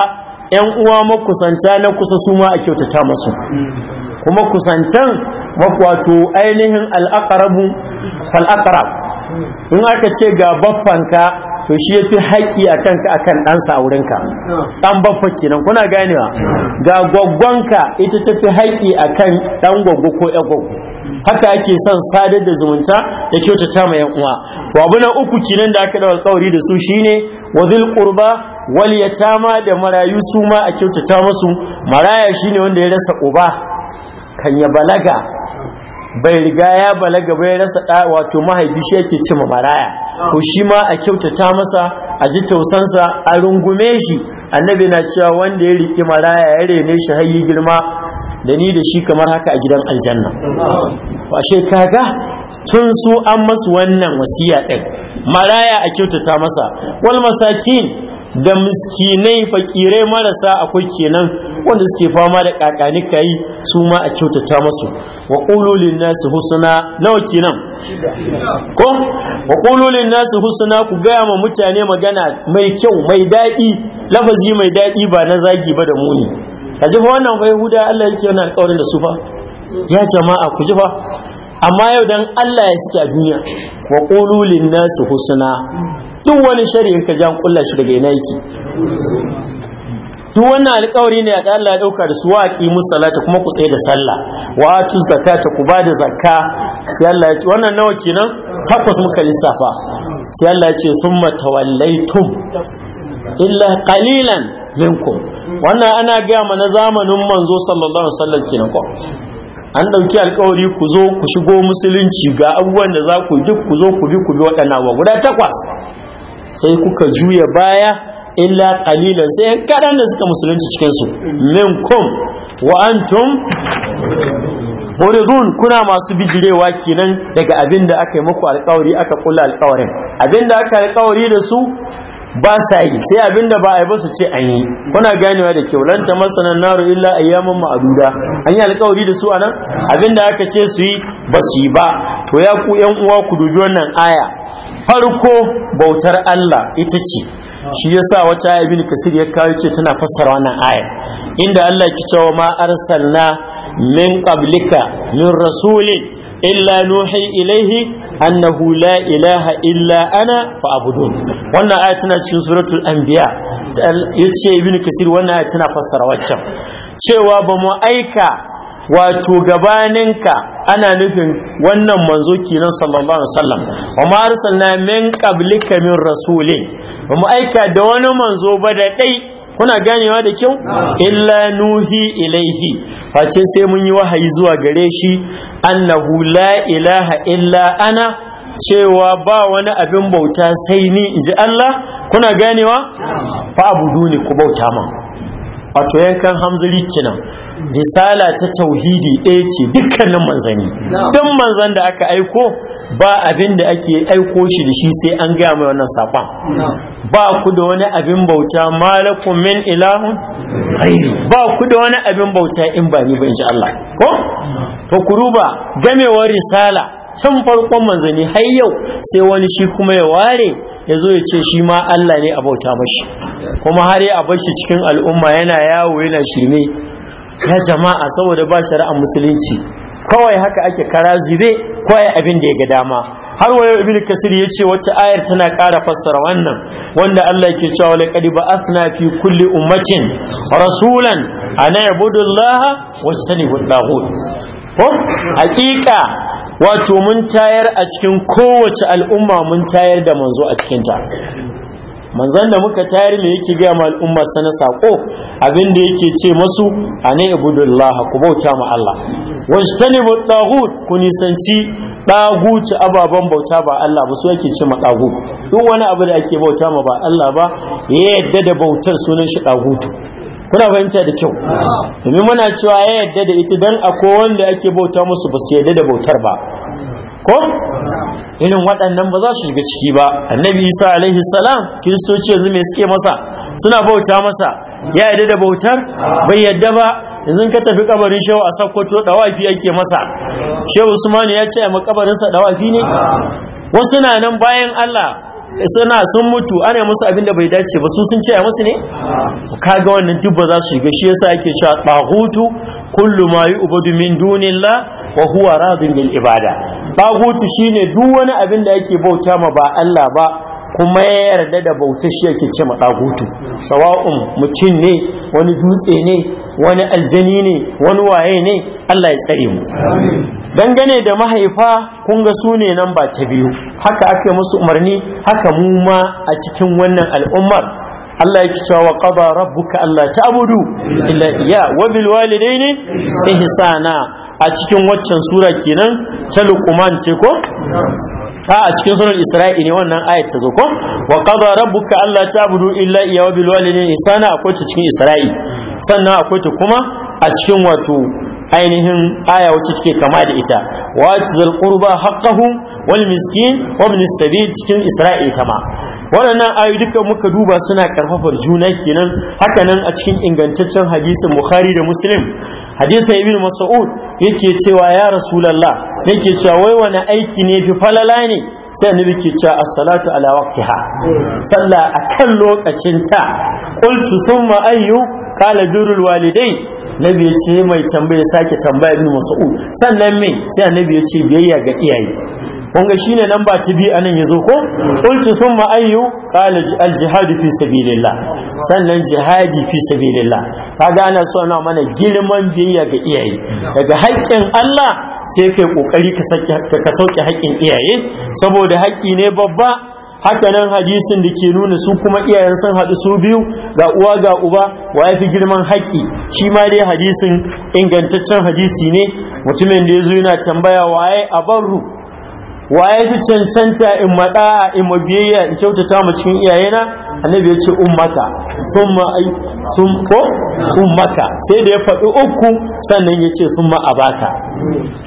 yan uwa makusanta na kusa su ma a kyautata musu kuma kusantan wato ainihin al'aqrabu fal aqrab in aka ce ga baffanka to shi ya fi haƙi a kanka a kan ɗansa a wurinka ɗan baffa kenan kuna ganewa ga ka ita ta fi haƙi a kan ɗan gwaggo ko ƴan gwaggo haka ake son sadar da zumunta da kyautata ma yan uwa to na uku kenan da aka dawo kauri da su shine wazil qurba wal ma da marayu su ma a kyautata musu maraya shine wanda ya rasa uba kan ya balaga bai riga ya balaga bai rasa da wato mahaifi shi yake ce maraya ko shi ma a kyautata masa a ji tausansa a rungume shi annabi na cewa wanda ya riƙi maraya ya rene shi har yi girma da ni da shi kamar haka a gidan aljanna washe kaga tun su an masu wannan wasiya ɗin maraya a kyautata masa wal masakin da miskinai fakirai marasa akwai kenan wanda suke fama da kakani kai su ma a kyautata masu wa qululin nasu husuna nawa kenan ko wa qululin nasu husuna ku gaya ma mutane magana mai kyau mai daɗi lafazi mai daɗi ba na zagi ba da muni kaji fa wannan fa yahuda Allah yake yana alƙawarin da su fa ya jama'a ku ji fa amma yau dan Allah ya suke a duniya wa qululin nasu husuna. duk wani shari'a ka jan kulla shi daga ina yake duk wannan alƙawari ne a Allah ya dauka da su waqi musallata kuma ku tsaye da sallah wa atu zakata ku ba da zakka sai Allah ya ce wannan nawa kenan takwas muka lissafa sai Allah ya ce summa tawallaitum illa qalilan minkum wannan ana gaya mana zamanin manzo sallallahu alaihi wasallam kenan ko an ɗauki alkawari ku zo ku shigo musulunci ga abubuwan da za ku duk ku zo ku bi ku bi waɗannan abubuwa guda takwas sai kuka juya baya illa qalilan sai kadan da suka musulunci cikin su minkum wa antum muridun kuna masu bijirewa kenan daga abin da aka yi muku alkawari aka kula alkawarin abin da aka alkawari da su ba sa yi sai abin da ba a yi ba su ce an yi kuna ganewa da kyau lanta masanan naru illa ayyaman ma'aduda an yi alkawari da su anan abin da aka ce su yi ba su yi ba to ya ku yan uwa ku dubi wannan aya farko bautar Allah ita ce shi ya sa wata aya bin kasir ya kawo ce tana fassara wannan aya inda Allah ki cewa ma arsalna min qablika min rasulin illa nuhi ilaihi annahu la ilaha illa ana fa abudun wannan aya tana cikin suratul anbiya yace ibn kasir wannan aya tana fassara waccan cewa ba mu aika wato gabaninka ana nufin wannan manzo kenan sallallahu alaihi wasallam wa ma arsalna min qablika min rasulin ba mu aika da wani manzo ba da dai kuna ganewa da kyau illa nuhi ilaihi face sai mun yi wahayi zuwa gare shi annahu la ilaha illa ana cewa ba wani abin bauta sai ni inji Allah kuna ganewa fa abuduni ku bauta man wato yankan hamzuri kenan risala ta tauhidi ɗaya ce dukkanin Manzani. don manzan da aka aiko ba abin da ake aiko shi da shi sai an gaya mai wannan saƙon ba ku da wani abin bauta malakun min ilahun ba ku da wani abin bauta in ba ni ba in Allah ko to kuruba gamewar risala tun farkon Manzani har yau sai wani shi kuma ya ware ya zo ya ce shi ma Allah ne a bauta mashi kuma har ya bashi cikin al'umma yana yawo yana shirme ya jama'a saboda ba shari'ar musulunci kawai haka ake kara zube kawai abin da ya ga dama har wayo ibnu kasir ya ce wata ayar tana ƙara fassara wannan wanda Allah ke cewa laqad ba'athna fi kulli ummatin rasulan ana yabudullaha Allah wa ko hakika wato mun tayar a cikin kowace al'umma mun tayar da manzo a cikinta manzon da muka tayar me yake gaya ma al'umma sana sako abin da yake ce masu 'Ani ibudullah ku bauta ma Allah wajtanibu taghut ku nisanci taghut ababan bauta ba Allah ba su yake ce ma taghut duk wani abu da ake bauta ma ba Allah ba ya yadda da bautar sunan shi ɗagutu kuna fahimta da kyau domin muna cewa ya yadda da ita dan a wanda ake bauta musu ba su yadda da bautar ba ko irin waɗannan ba za su shiga ciki ba annabi isa alaihi salam kiristoci yanzu mai suke masa suna bauta masa ya yadda da bautar bai yadda ba yanzu ka tafi kabarin shehu a sakkwato dawafi ake masa shehu usman ya ce a makabarinsa dawafi ne wasu na nan bayan allah suna sun mutu ana musu abin da bai dace ba su sun ce a musu ne Ka ga wannan duk ba za su shiga shi yasa yake cewa tagutu kullu ma yu'badu min dunillah wa huwa radin lil ibada tagutu shine duk wani abin da yake bauta ma ba Allah ba kuma ya yarda da bautar shi yake ce maɗagutu sawa'un mutum ne wani dutse ne wani aljani ne wani waye ne Allah ya tsare mu dangane da mahaifa kun ga su nan ba ta biyu haka aka musu umarni haka mu ma a cikin wannan al'ummar Allah ya kisa wa qada rabbuka alla ta'budu illa iya wa bil walidaini ihsana a cikin waccan sura kenan ta Luqman ce ko a a cikin sunan isra'i ne wannan ayat ta zo ko wa qadara rabbuka alla ta'budu illa iyyahu bil walidayni ihsana akwai ta cikin isra'i sannan akwai ta kuma a cikin wato ainihin aya wacce take kama da ita wa tizal qurba haqqahu wal miskin wa ibn sabil cikin isra'i kama waɗannan ayu dukkan muka duba suna karfafar juna kenan haka nan a cikin ingantaccen hadisin bukhari da muslim hadisa ibn mas'ud yake cewa ya rasulullah yake cewa wai wani aiki ne fi falala ne sai annabi ke cewa as-salatu ala waqtiha sallah akan lokacin ta qultu thumma ayyu qala durul walidain nabi ya ce mai tambaya sake tambaya ibn mas'ud sannan me sai annabi ya ce biyayya ga iyaye kunga shine nan ba ta biyu anan yazo ko qultu thumma ayyu qala al jihad fi sabilillah sannan jihadi fi sabilillah kaga ana so ana mana girman biyayya ga iyaye daga haƙƙin Allah sai kai kokari ka sauke haƙƙin iyaye saboda haƙƙi ne babba haka nan hadisin da ke nuna su kuma iyayen sun haɗu su biyu ga uwa ga uba wa ya fi girman haƙƙi shi ma dai hadisin ingantaccen hadisi ne mutumin da ya zo yana tambaya waye a barru waye fi cancanta in maɗa in mabiyayya in kyautata mu cikin iyayena annabi ya ce ummaka sun ko ummaka sai da ya faɗi uku sannan ya ce sun ma abaka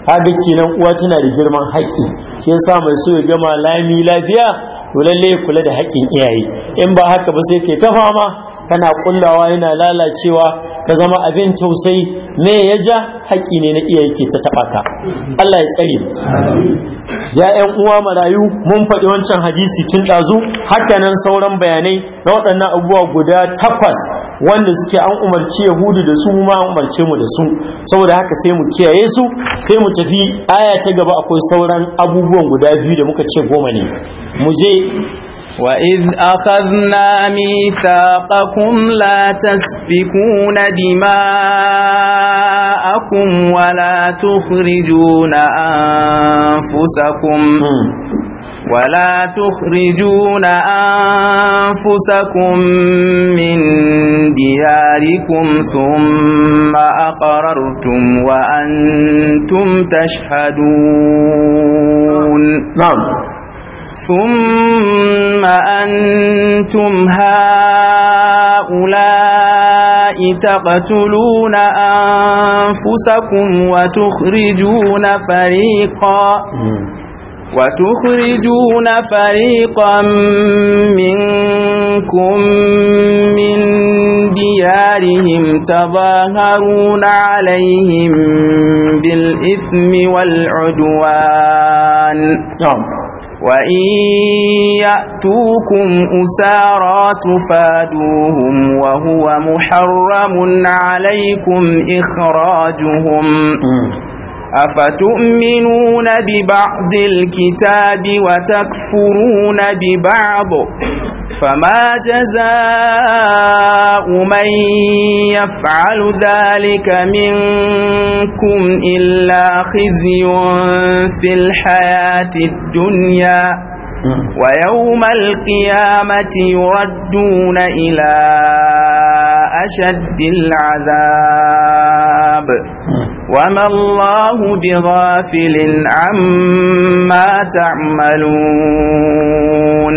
haka kenan uwa tana da girman haƙƙi shi yasa mai so ya gama lami lafiya to kula da haƙƙin iyaye in ba haka ba sai ke ta fama tana kullawa yana lalacewa ka zama abin tausayi me ya ja haƙƙi ne na iya yake ta taɓa ka Allah ya tsare ya ƴan uwa marayu mun faɗi wancan hadisi tun ɗazu haka nan sauran bayanai na waɗannan abubuwa guda takwas wanda suke an umarci yahudu da su ma umarce mu da su saboda haka sai mu kiyaye su sai mu tafi aya ta gaba akwai sauran abubuwan guda biyu da muka ce goma ne mu je وإذ أخذنا ميثاقكم لا تسفكون دماءكم ولا تخرجون أنفسكم ولا تخرجون أنفسكم من دياركم ثم أقررتم وأنتم تشهدون نعم ثم أنتم هؤلاء تقتلون أنفسكم وتخرجون فريقا وتخرجون فريقا منكم من ديارهم تظاهرون عليهم بالإثم والعدوان نعم وإن يأتوكم أسارى تفادوهم وهو محرم عليكم إخراجهم أفتؤمنون ببعض الكتاب وتكفرون ببعض فما جزاء من يفعل ذلك منكم إلا خزي في الحياة الدنيا ويوم القيامة يردون إلى أشد العذاب وما الله بغافل عما تعملون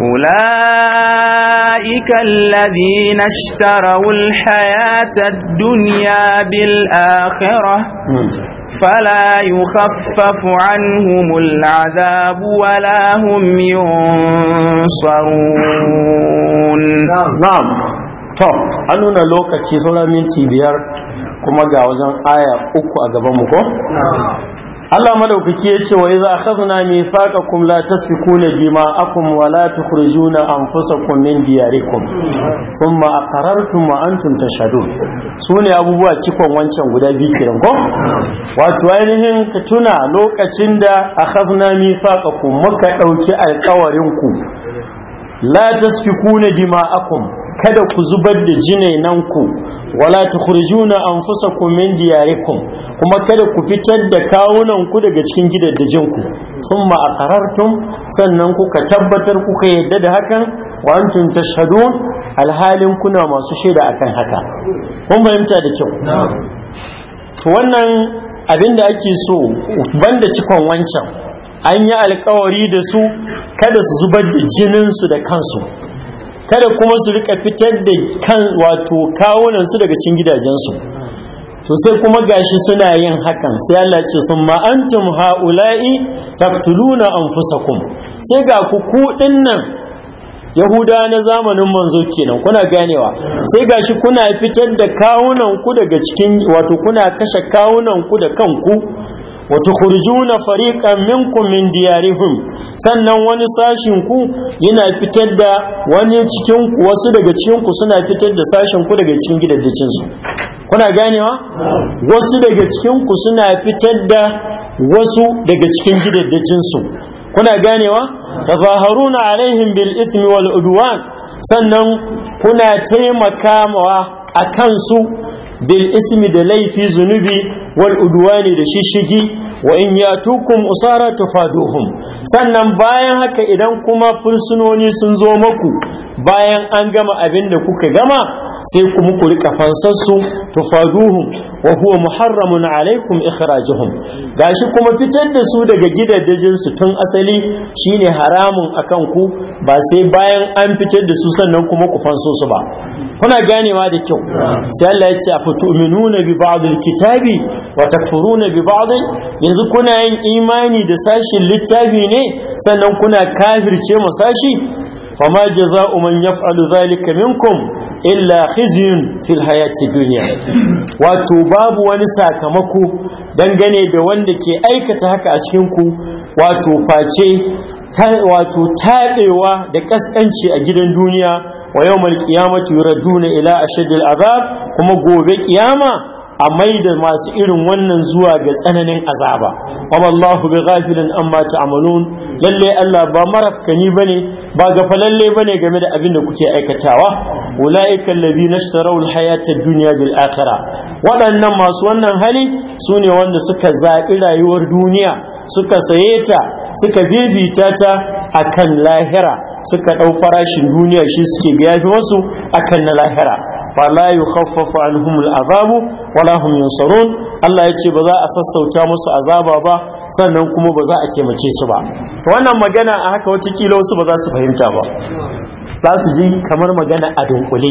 أولئك الذين اشتروا الحياة الدنيا بالآخرة نعم. فلا يخفف عنهم العذاب ولا هم ينصرون نعم نعم طب أننا لوكا تيزولا من تيبيار kuma ga wajen aya uku a gaban mu ko Allah madaukaki ya ce wa iza akhadna mithaqakum la tasfikuna dima'akum wa la tukhrijuna anfusakum min diyarikum thumma aqrartum wa antum tashhadun sune abubuwa cikon wancan guda biyu kiran ko wato ainihin ka tuna lokacin da akhadna mithaqakum muka dauki alƙawarin ku la tasfikuna dima'akum kada ku zubar da ku wala tukhrijuna anfusakum min diyarikum kuma kada ku fitar da kawunan ku daga cikin gidajen ku summa aqarartum sannan kuka tabbatar kuka yadda da hakan wa antum tashhadun alhalin kuna masu shaida akan haka kun fahimta da kyau wannan abin da ake so banda cikon wancan an yi alkawari da su kada su zubar da jininsu da kansu kada kuma su rika fitar da kan wato kawunan su daga cikin gidajensu to sai kuma gashi suna yin hakan sai Allah ce sun ma antum haula'i taqtuluna anfusakum sai ga ku ku nan yahuda na zamanin manzo kenan kuna ganewa sai gashi kuna fitar da kawunan ku daga cikin wato kuna kashe kawunan ku da kanku wa tukhrijuna fariqan minkum min diyarihim sannan wani sashin ku yana fitar da wani cikin wasu daga cikin ku suna fitar da sashin ku daga cikin gidaddacin su kuna ganewa wasu daga cikin ku suna fitar da wasu daga cikin gidaddacin su kuna ganewa tafaharuna alaihim bil ismi wal udwan sannan kuna taimakawa a kansu bil ismi da laifi zunubi wal udwani da shishigi wa in yatukum usara tufaduhum sannan bayan haka idan kuma fursunoni sun zo maku bayan an gama abin da kuka gama sai ku muku rika fansassu tufaduhum wa huwa muharramun alaikum ikhrajuhum gashi kuma fitar da su daga gidajen su tun asali shine haramun akan ku ba sai bayan an fitar da su sannan kuma ku fanso su ba kuna ganewa da kyau sai Allah ya ce a bi ba'dil kitabi wa takfuruna bi ba'd yanzu kuna yin imani da sashin littafi ne sannan kuna kafirce mu sashi fama jaza'u man yaf'alu zalika minkum illa khizyun fil hayati dunya wato babu wani sakamako dangane da wanda ke aikata haka a cikin ku wato face wato taɗewa da ƙasƙanci a gidan duniya wa yau mal kiyamati yuraduna ila ashadil azab kuma gobe kiyama a mai da masu irin wannan zuwa ga tsananin azaba wa wallahu bi ghafilin amma ta'malun lalle Allah ba marafkani bane ba gafalalle bane game da abin da kuke aikatawa ulaika alladhina na alhayata ad-dunya bil akhirah waɗannan masu wannan hali sune wanda suka zaɓi rayuwar duniya suka saye ta suka bibita ta kan lahira suka ɗau farashin duniya shi suke biya fi wasu a kan na lahira fala yukhaffafu anhum al'azabu wala hum yunsarun Allah ya ce ba za a sassauta musu azaba ba sannan kuma ba za a taimake su ba wannan magana a haka watakila wasu ba za su fahimta ba za su ji kamar magana a dunkule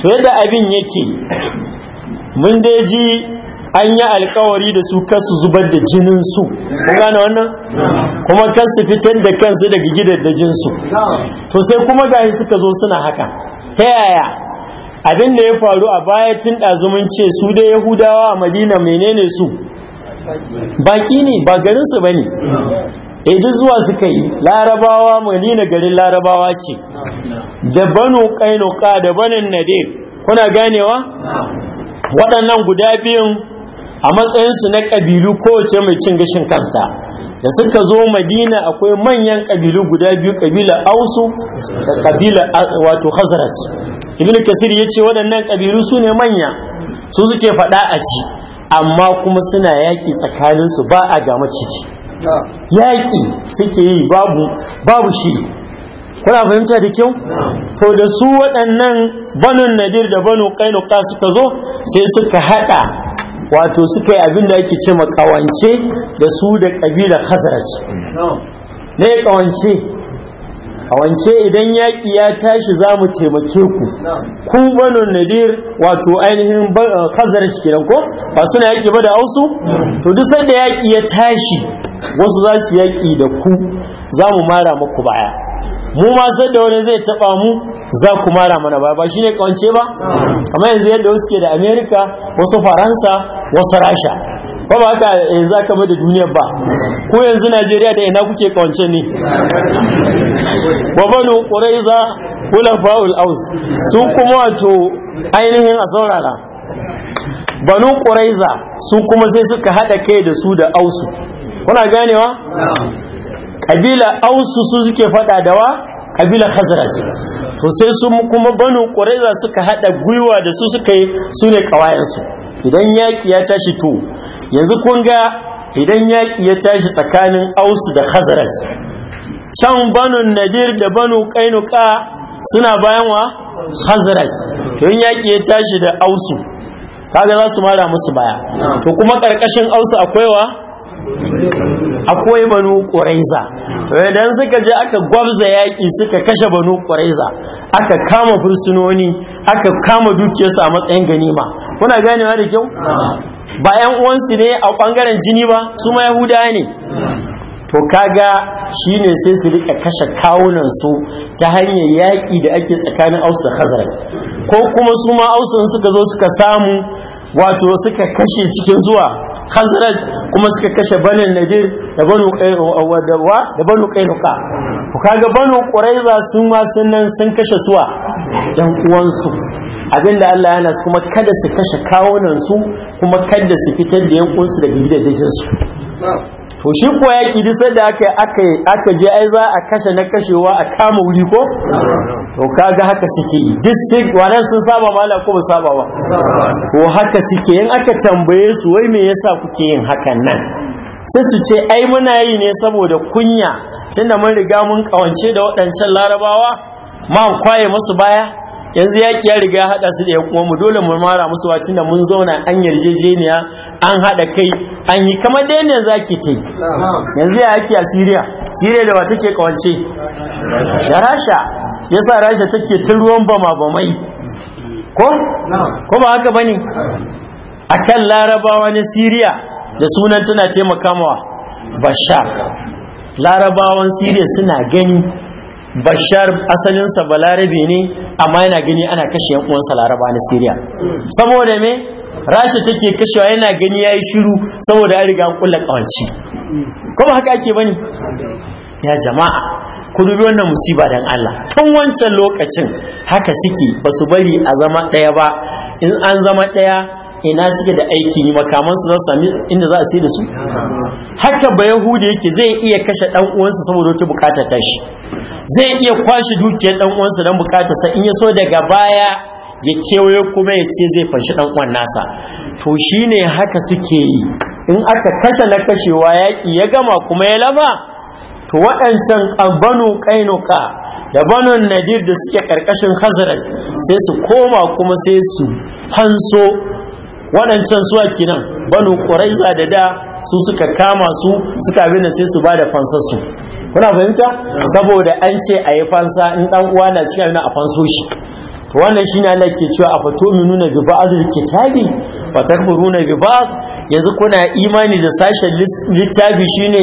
to yadda abin yake mun dai ji an yi alkawari da su kasu zubar da jinin su gane wannan kuma kan fitar da kansu daga gidan gidajen su to sai kuma gashi suka zo suna haka ta yaya abin da ya faru a baya tun ɗazumin ce su da yahudawa a madina menene su baki ne ba garinsu ba ne eh, duk zuwa suka yi larabawa madina garin larabawa ce da banu kainuka da banin nadir kuna ganewa waɗannan guda biyun a matsayinsu na ƙabilu kowace mai cin gashin kanta da suka zo madina akwai manyan ƙabilu guda biyu ƙabila ausu da ƙabila wato hazrat ibn kasir ya ce waɗannan ƙabilu su ne manya su suke faɗa a ci amma kuma suna yaƙi tsakaninsu ba a gama ciki. yaƙi suke yi babu babu shi kuna fahimta da kyau to da su waɗannan banun nadir da banu kainuka suka zo sai suka haɗa wato suka yi abin da ake ce makawance da su da ƙabilar Na ne kawance kawance idan yaƙi ya tashi za mu taimake ku ku banu nadir wato ainihin eh, ke kenan ko ba suna yaƙi ba da ausu to duk sanda yaƙi ya tashi wasu za su yaƙi da ku za mu mara maku baya mu ma da wani zai taɓa mu za ku mara mana baya. ba shi ne kawance ba kamar yanzu yadda wasu ke da amerika wasu faransa wasu rasha ba ba haka yanzu eh, aka mai da duniyar ba ko yanzu najeriya da ina kuke kawance ne babanu banu ƙuraiza kulan fa'ul aus su kuma wato ainihin a saurara banu ƙuraiza su kuma sai suka haɗa kai da su da ausu kuna ganewa ƙabila ausu su suke faɗa da wa kabilar hazrat to sai su kuma banu ƙuraiza suka haɗa gwiwa da su suka yi su ne ƙawayensu idan yaƙi ya tashi to yanzu kun ga idan yaƙi ya tashi tsakanin ausu da Hazaras, can banu nadir da banu kainuka suna bayan wa don to yaƙi ya tashi da ausu kaga za su mara musu baya to kuma ƙarƙashin ausu akwai wa akwai banu ƙuraiza idan suka je aka gwabza yaƙi suka kashe banu ƙuraiza aka kama fursunoni aka kama dukiyarsu a matsayin ganima kuna ganewa da kyau ba 'yan uwansu ne a ɓangaren jini ba su ma yahuda ne to kaga ne sai su rika kashe kawunan su ta hanyar yaƙi da ake tsakanin ausa khazar ko kuma su ma ausa suka zo suka samu wato suka kashe cikin zuwa khazraj kuma suka kashe banin nadir da banu qainuqa eh, da banu qainuqa ku kaga banu quraiza sun ma sun sun kashe suwa yan uwansu abinda Allah yana su kuma kada su kashe kawunan su kuma kada su fitar da yan uwansu daga gidajen su to shi ko ya ƙi disar da aka aka je ai za a kashe na kashewa a kama wuri ko to kaga haka suke duk sai wannan sun saba mallaka ko ba saba ba ko haka suke in aka tambaye su wai me yasa kuke yin hakan nan sai su ce ai muna yi ne saboda kunya tunda mun riga mun kawance da waɗancan larabawa ma kwaye musu baya yanzu yaƙi ya riga ya haɗa su da ya mu dole mu mara musu wa tunda mun zauna an yarjejeniya an haɗa kai an yi kamar da yadda zaki ta yi yanzu ya yaki a siriya siriya da ba take kawance da rasha yasa rasha take ta ruwan bama bamai ko ko ba haka bane akan larabawa na siriya da sunan tana taimakawa bashar larabawan siriya suna gani bashar asalinsa balarabe ne amma yana gani ana kashe yan uwansa laraba na siriya saboda me rashi take kashewa yana gani ya yi shiru saboda an riga an kulla kawanci kuma haka ake bani ya jama'a ku dubi wannan musiba dan Allah tun wancan lokacin haka suke basu bari a zama ɗaya ba in an zama ɗaya ina suke da aikin yi makamansu za su sami inda za a sai da su haka ba yahudi yake zai iya kashe dan uwansa saboda wata bukata ta shi zai iya kwashe dukiyar dan uwansa dan sa in ya so daga baya ya kewaye kuma ya ce zai fanshi dan uwan nasa to shine haka suke yi in aka kashe na kashewa yaƙi ya gama kuma ya laba to waɗancan banu kainuka da banu nadir da suke ƙarƙashin hazrat sai su koma kuma sai su hanso waɗancan suwa kenan banu ƙuraiza da da su suka kama su suka abin da sai su ba da fansarsu kuna fahimta saboda an ce a yi fansa in ɗan uwa na cikin abin a fanso shi wannan shine Allah ke cewa a fato minuna bi ba'dil kitabi wa takfuruna bi yanzu kuna imani da sashen littafi shine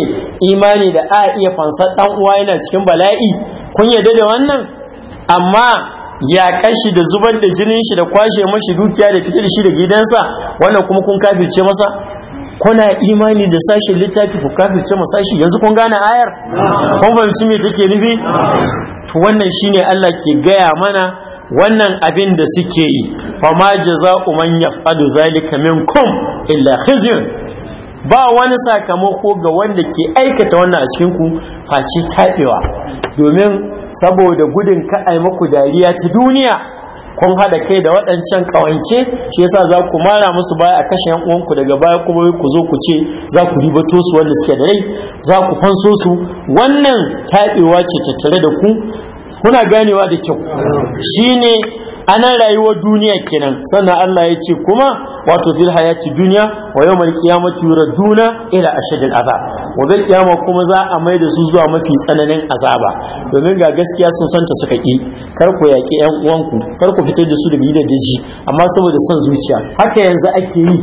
imani da a iya fansa, ɗan uwa yana cikin bala'i kun yarda da wannan amma ya kashi da zubar da jinin shi da kwashe mashi dukiya da fitar shi da gidansa wannan kuma kun kafirce masa kuna imani da sashen littafi ku kafirce masa shi yanzu kun gane ayar kun fahimci me take nufi to wannan shine Allah ke gaya mana wannan abin da suke yi fa ma jazaa'u man yaf'alu zalika minkum illa khizyun ba wani sakamako ga wanda ke aikata wannan a cikin ku face taɓewa domin saboda gudun ka maku dariya ta duniya kun hada kai da waɗancan ƙawance shi yasa za ku mara musu baya a kashe yan uwanku daga baya kuma ku zo ku ce za ku ribato su wanda suke da rai za ku fanso su wannan taɓewa ce tattare da ku kuna ganewa da kyau shine anan rayuwar duniya kenan sannan Allah ya ce kuma wato zil hayati duniya wa yawmal qiyamati yuraduna ila ashadil azab wa zil kuma za a mai da su zuwa mafi tsananin azaba domin ga gaskiya sun santa suka ki kar ku yaki yan uwanku kar ku fitar da su daga gidan daji amma saboda son zuciya haka yanzu ake yi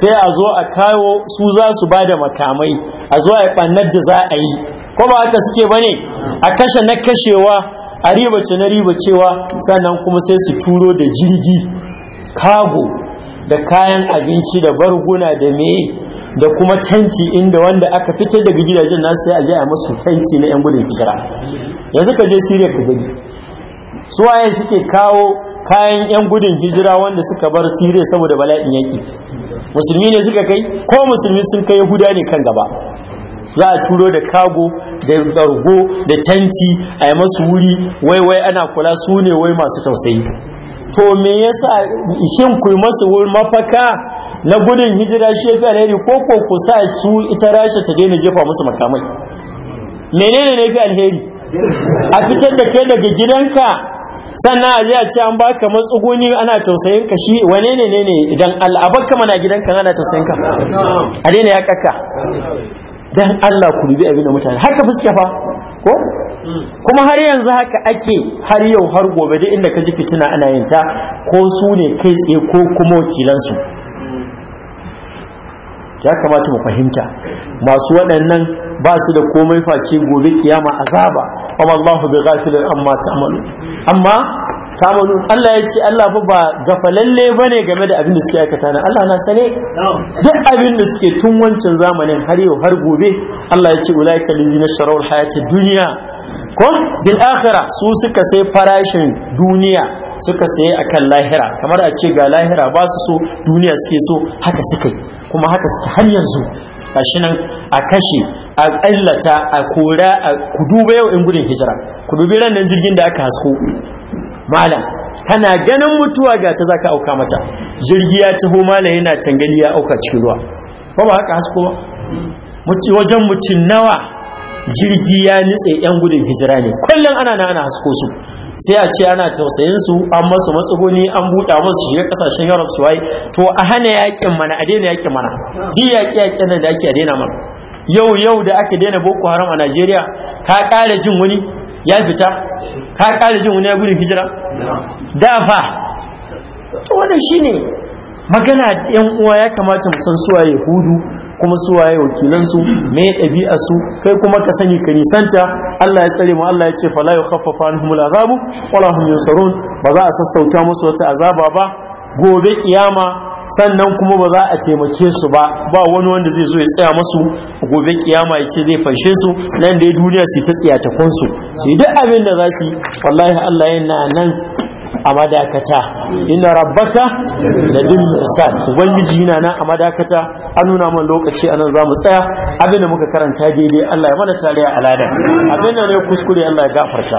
sai a zo a kawo su za su ba da makamai a zo a yi ɓannar da za a yi ko ba haka suke bane a kashe na kashewa a ribace na ribacewa sannan kuma sai su turo da jirgi kago da kayan abinci da barguna da me da kuma tanti inda wanda aka fitar daga gidajen nasu sai a masu musu tanti na 'yan gudun hijira yanzu ka je siriya ka gani suwaye suke kawo kayan 'yan gudun hijira wanda suka bar siriya saboda bala'in yaki musulmi ne suka kai ko musulmi sun kai yahuda ne kan gaba za a turo da kago da bargo da tanti a yi masu wuri wai wai ana kula su ne wai masu tausayi to me yasa shin ku masu wuri mafaka na gudun hijira shi yafi alheri ko ko ku sa su ita rasha ta daina jefa musu makamai menene ne fi alheri a fitar da kai daga gidanka sannan a zai a ce an baka matsuguni ana tausayin ka shi wane ne ne idan al'abar al'abarka mana gidanka ana tausayin ka a daina ya kaka dan Allah ku dubi abin da mutane haka fuske fa ko kuma har yanzu haka ake har yau har gobe da inda ka ji fitina ana yin ta ko su ne kai tsaye ko kuma wakilansu ya kamata mu fahimta masu waɗannan ba su da komai face gobe kiyama azaba amma Allahu bi ghafilin amma ta'malu amma kamunu Allah ya ce Allah fa ba gafalalle ne game da abin da suke aikata na Allah na sane duk abin da suke tun wancan zamanin har yau har gobe Allah ya ce ulaika lizina sharawul hayati dunya ko bil akhirah su suka sai farashin duniya suka sai akan lahira kamar a ce ga lahira ba su so duniya suke so haka suka yi kuma haka suka har yanzu gashi nan a kashe a ƙallata a kora a ku duba yau in gudun hijira ku dubi ran nan jirgin da aka hasko malam kana ganin mutuwa ga ta zaka auka mata jirgi ya taho malam yana tangali ya auka cikin ruwa ba ba haka hasko ba wajen mutum nawa jirgi ya nitse yan gudun hijira ne kullum ana nana ana hasko su sai a ce ana tausayin su an masu matsuguni an buɗa musu shiga kasashen Europe su wai to a hana yakin mana a daina yakin mana bi yaki yakin nan da ake a daina mana yau yau da aka daina Boko Haram a Najeriya ka ƙara jin wani ya fita ka kare jin wani ya gudun hijira da fa to wannan shine magana yan uwa ya kamata mu san suwaye yahudu kuma suwaye wakilansu me dabi'a su kai kuma ka sani ka nisanta Allah ya tsare mu Allah ya ce fala yukhaffafa anhum al'azabu wala hum yusarun ba za a sassauta musu wata azaba ba gobe kiyama sannan kuma ba za a taimake su ba ba wani wanda zai zo ya tsaya masu gobe kiyama ya ce zai fanshe su nan da duniya su ta tsiyatakon su su duk abin da za su wallahi Allah yana nan a madakata inna rabbaka da dun mursal ubangiji yana nan a madakata an nuna man lokaci anan za mu tsaya abin da muka karanta daidai Allah ya mana tare a Ladan, abin da ne kuskure Allah ya gafarta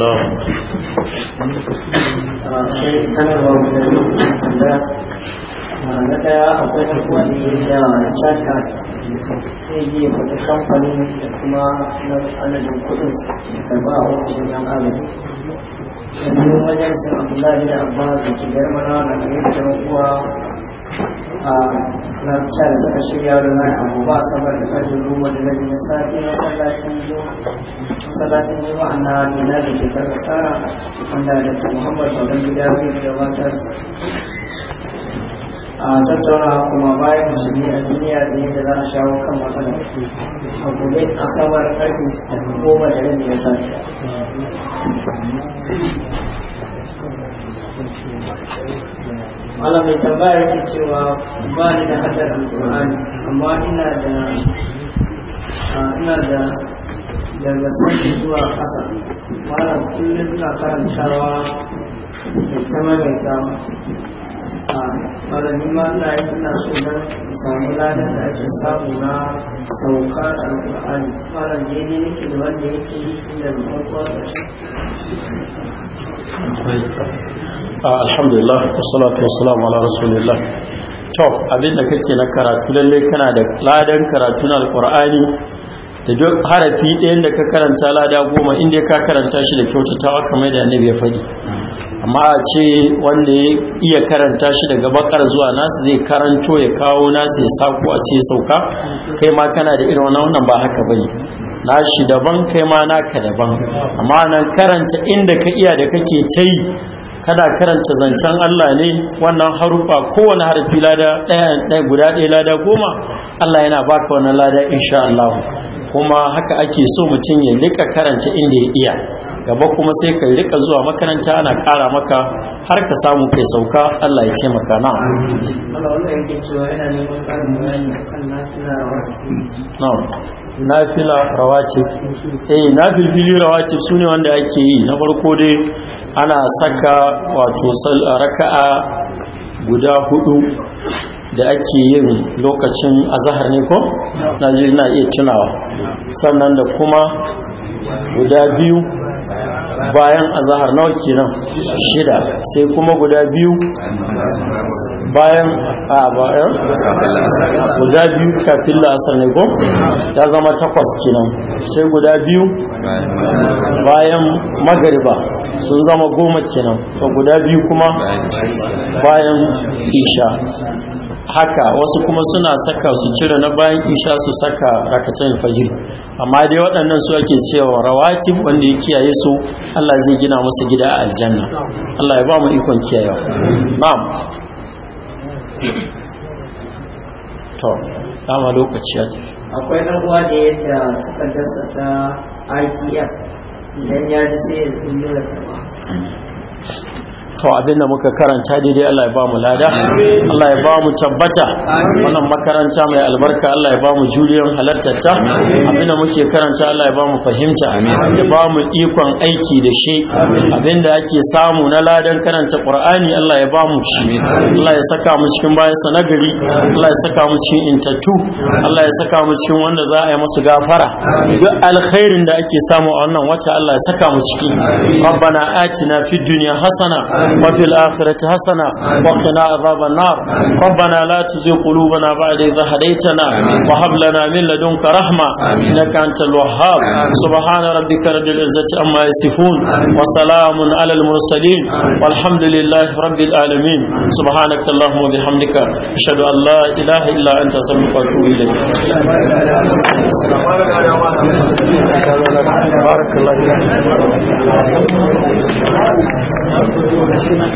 salam na daya akwai kamfani da chaka sai ji kudi kamfani da kuma na adadin kudin da ba wajen yan agaji sannan wajen sun abdullahi da abba da ke garmana da kuwa a na fita da suka shirya wannan abu ba saboda fadin ruwa da na biyu safi masallacin masallacin juma'a na nuna da ke daga sara wanda da muhammad babban gida zai gabatar a tattauna kuma bayan musulmi a duniya da yadda za a shawo kan matsalar a gobe asabar karfi da goma da rabi na Thank you. malam mai tambaya yake cewa ba ni da hadar alƙur'ani amma ina da ah, ina da daga sani zuwa ƙasa malam kullum ina karantawa mai ta maimaita ah, malami ma ina yi ina so na samu ladan da ake samu na sauka da alƙur'ani malam ne ne nake da wanda yake yi tun daga farko Ah, alhamdulillah wassalatu wassalamu ala rasulillah to abin da kake na karatu lalle kana da ladan karatu na alqur'ani da duk harafi ɗayan da ka karanta lada goma inda ka karanta shi da kyautatawa kamar da annabi ya faɗi amma a ce wanda ya iya karanta shi daga bakar zuwa nasu zai karanto ya kawo nasu ya sako a ce sauka kai ma kana da irin wannan ba haka bane nashi daban kai ma naka daban amma nan karanta inda ka iya da kake ta yi kada karanta zancen Allah ne wannan harufa kowane harfi lada ɗaya guda ɗaya lada goma Allah yana baka wannan lada insha Allah kuma haka ake so mutum ya rika karanta inda ya iya gaba kuma sai ka rika zuwa makaranta ana ƙara maka har ka samu kai sauka Allah ya taimaka na Allah wannan yake cewa yana neman karin bayani akan nasirawa da nafila rawatib eh nafilfili rawatib sune wanda ake yi na farko dai ana saka wato raka'a guda hudu da ake yin lokacin azahar ne ko na na iya tunawa sannan da kuma guda biyu bayan azahar nawa kenan shida sai kuma guda biyu bayan a bayan guda biyu kafin la'asar ne ko ya zama takwas kenan sai guda biyu bayan magariba sun zama goma kenan to guda biyu kuma bayan isha haka wasu kuma suna saka su cire na bayan isha su saka rakatan fajir amma dai waɗannan su ake cewa rawatib wanda ya kiyaye su Allah zai gina masa gida a aljanna Allah ya ba mu ikon kiyaye na'am to dama lokaci akwai ɗan uwa da yadda ta ITF idan ya ji sai ya to abinda muka karanta daidai Allah ya ba mu lada Allah ya ba mu tabbata wannan makaranta mai albarka Allah ya ba mu juriyar ta abinda muke karanta Allah ya ba mu fahimta ya ba mu ikon aiki da shi abinda ake samu na ladan karanta Qur'ani Allah ya ba mu shi Allah ya saka mu cikin bayan sanagari Allah ya saka mu cikin intattu Allah ya saka mu cikin wanda za a yi musu gafara duk alkhairin da ake samu a wannan wata Allah ya saka mu ciki rabbana atina fid dunya hasana وفي الآخرة حسنة وقنا عذاب النار ربنا لا تزغ قلوبنا بعد إذ هديتنا وهب لنا من لدنك رحمة إنك أنت الوهاب سبحان ربك رب العزة عما يصفون وسلام على المرسلين والحمد لله رب العالمين سبحانك اللهم وبحمدك أشهد أن لا إله إلا أنت أستغفرك وأتوب إليك بارك الله Gracias.